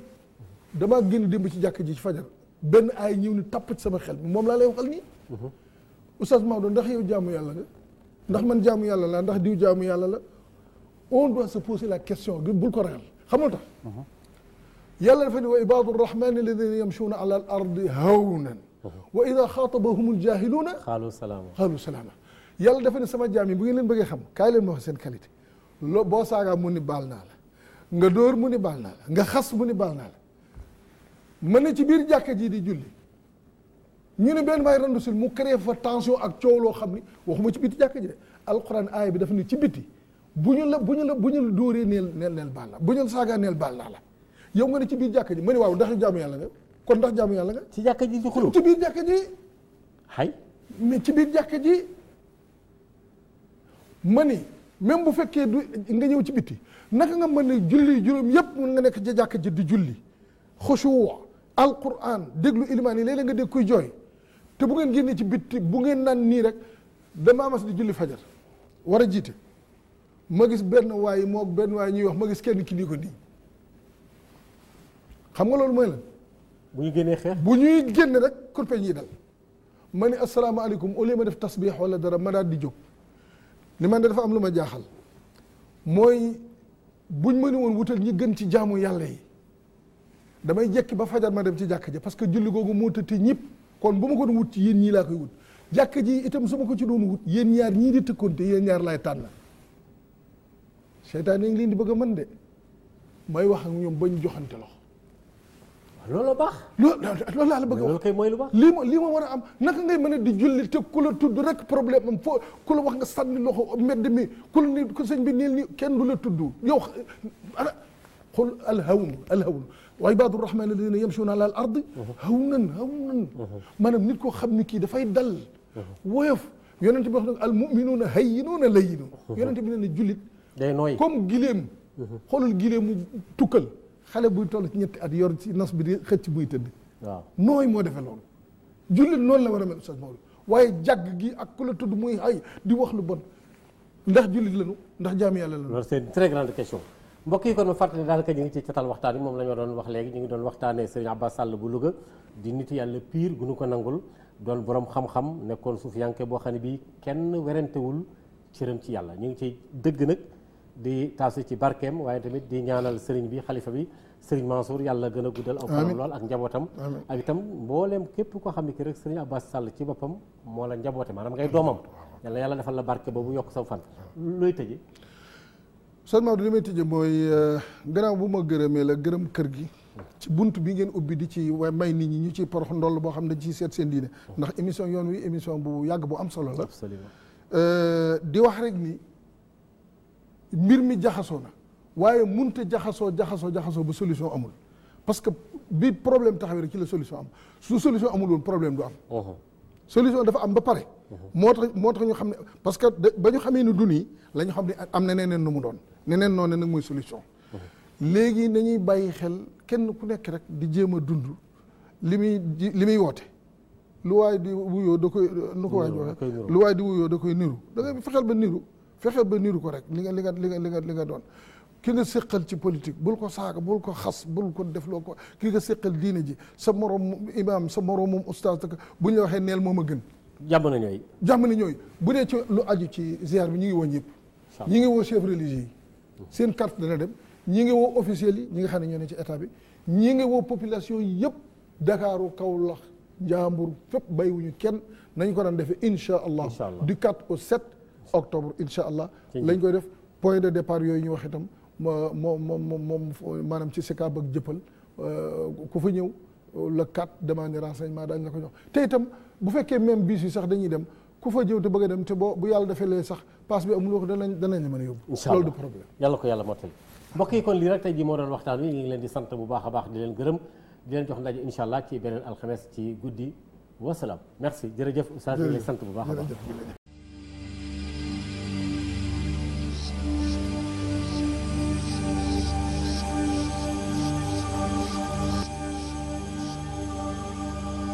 damaa génn démb ci jàkk ji ci fajar benn aaya ñëw ni tàpp ci sama xel moom laa lay waxal nii mm-hmm. oustaz Maodo ndax yow jaamu yàlla nga ndax man jaamu yàlla la ndax diw jaamu yàlla la on doit se poser la question bul ko ragal xamul tax mm-hmm. yàlla dafa ni wa ibadu rahmani alladina yamshuuna ala al ardi hawnan mm-hmm. wa ida xaatabahum aljahiluuna xaalu salaama xaalu salaama yàlla dafa ne sama jaam yi bu ngeen leen bëggee xam kaay leen ma wax seen qualité loo boo saagaa mu ni baal naa la nga dóor mu ni baal naa la nga xas mu ni baal naa la mën na ci biir jàkka ji di julli ñu ne benn waay rendu sul mu créé fa tension ak coow loo xam ni waxuma ci biti jàkka ji de alquran aaya bi dafa ni ci biti bu ñu la ñu la bu ñu la dóoree neel neel neel bu ñu la saagaa naa la yow nga ci biir jàkka ji ma ni waaw ndax jaamu yàlla nga kon ndax yàlla nga ci jàkka ji di xuloo ci biir jàkka ji ci biir jàkka ji ma ni même bu fekkee du nga ñëw ci biti naka nga mën a julli juróom yëpp mun nga nekk ca jàkka ji di julli xushuwa alquran déglu ilimaan yi léeg nga dégg kuy jooy te bu ngeen génnee ci bitti bu ngeen naan nii rek damaa mas di julli fajar war a jiite ma gis benn waay moo benn waay ñuy wax ma gis kenn ki nii ko nii xam nga loolu mooy lan. bu ñu génnee xeex bu ñuy génn rek kurpe ñuy dal ma ni asalaamaaleykum au lieu ma def tasbiix wala dara ma daal di jóg ni man de dafa am lu ma jaaxal buñ mënu woon wutal ñi gën ci jaamu yàlla yi damay jekki ba fajar ma dem ci jàkk ji parce que julli googu moo tëtte ñëpp kon bu ma ko doon wut ci yéen ñii laa koy wut jàkk ji itam su ma ko ci doon wut yéen ñaar ñii di tëkkoonte yéen ñaar laay tànn seytaan yi leen di bëgg a mën de may wax ak ñoom bañ joxante loxo loolu la baax. loolu laa la bëgg a wax loolu kay mooy lu baax. lii ma lii ma war a am naka ngay mën a di julli te ku la tudd rek problème am foo ku la wax nga sànni loxo mbedd mi ku la ni ku sëñ bi niil ni kenn du la tudd yow ana xul alhawnu alhawnu wa ibaadu rahmaani alladina yamshuuna ala al ardi hawnan hawnan maanaam nit koo xam ni kii dafay dal woyof yonent bi wax nag al muminuuna hayyinuuna layyinuun yonent bi ne na jullit day nooy comme gileem mhm. xoolal gileemu tukkal xale buy toll ci ñetti at yor ci nas bi di xëcc buy tëdd waaw nooy moo defee loolu jullit noonu la war a mel Oustaz Maodo waaye jàgg gi ak ku la tudd muy ay di wax lu bon ndax jullit lañu ndax jaam yàlla lañu loolu c'est une très grande question mbokk yi kon ma fàttali daanaka ñu ngi ci catal waxtaan yi moom la ñu wax léegi ñu ngi doon waxtaanee sëriñ Abbas Sall bu luga di nitu yàlla pire gu ko nangul doon borom xam-xam nekkoon suuf yanke boo xam ne bii kenn werantewul cëram ci yàlla ñu ngi ci dëgg nag di taasu ci barkeem waaye tamit di ñaanal sëriñ bi xalifa bi sëriñ Mansour yàlla gën a guddal lool ak njabootam ak itam mbooleem képp koo xam ne ki rek sëriñ Abbas Sall ci boppam moo la njaboote maanaam ngay doomam yàlla yàlla defal la barke boobu yokk sa fan looy tëje sëñ Maodo li may tëje mooy euh, gannaaw bu ma gërëmee la gërëm kër gi ci bunt bi ngeen ubbi di ci way may nit ñi ñu ci porox ndoll boo xam ne dañ seet seen diine ndax émission yoon wi émission bu yàgg bu am solo la euh, di mbir mi jaxasoo na waaye mun te jaxasoo jaxasoo jaxasoo ba solution amul parce que bi problème taxawee rek ci la solution am su solution amul woon problème du am uh-huh. solution dafa am ba pare uh-huh. moo tax moo tax ñu xam ne parce que ba ñu xamee ne du nii la xam ne am na neneen nu mu doon neneen noonu nag mooy solution uh-huh. léegi nañuy bàyyi xel kenn ku nekk rek di jéem a dund li muy li muy woote lu waay di wuyoo da koy nu ko waay di waxee lu waay di wuyoo da koy niru da ngay fexeel ba fexe ba niru ko rek li nga li li nga li nga li nga doon ki nga ci politique bul ko saaga bul ko xas bul ko def ko ki nga séqal diine ji sa moroom imaam sa morom moom oustaz tak bu ñu la waxee neel moom a gën jamono ñooy jamono ñooy bu dee ci lu aju ci ziar bi ñu ngi woo ñëpp ñi ngi woo chef religieux yi seen carte dana dem ñi ngi woo officiels yi ñi nga xam ne ñu ne ci état bi ñi ngi woo population yëpp Dakaaru Kawlax Njaambur fépp bàyyiwuñu kenn nañ ko daan defee incha allah du 4 au 7 octobre incha allah. lañ koy def point de départ yooyu ñu wax itam ma moom moom moom maanaam ci Sicap ak Jëppal euh, ku fa ñëw le 4 demande renseignement daañu la ko jox te itam bu fekkee même bis yi sax dañuy dem. ku fa jëw te bëgg a dem te bu yàlla defee lee sax paas bi amul wax danañ danañ la mën a yóbbu. incha allah loolu du problème. yàlla ko yàlla mottali mbokk yi kon lii rek tey jii moo doon waxtaan wi ñu ngi leen di sant bu baax a baax di leen gërëm di leen jox ndaje ci beneen alxames ci guddi wasalaam merci jërëjëf oustaz ñu ngi bu baax a baax.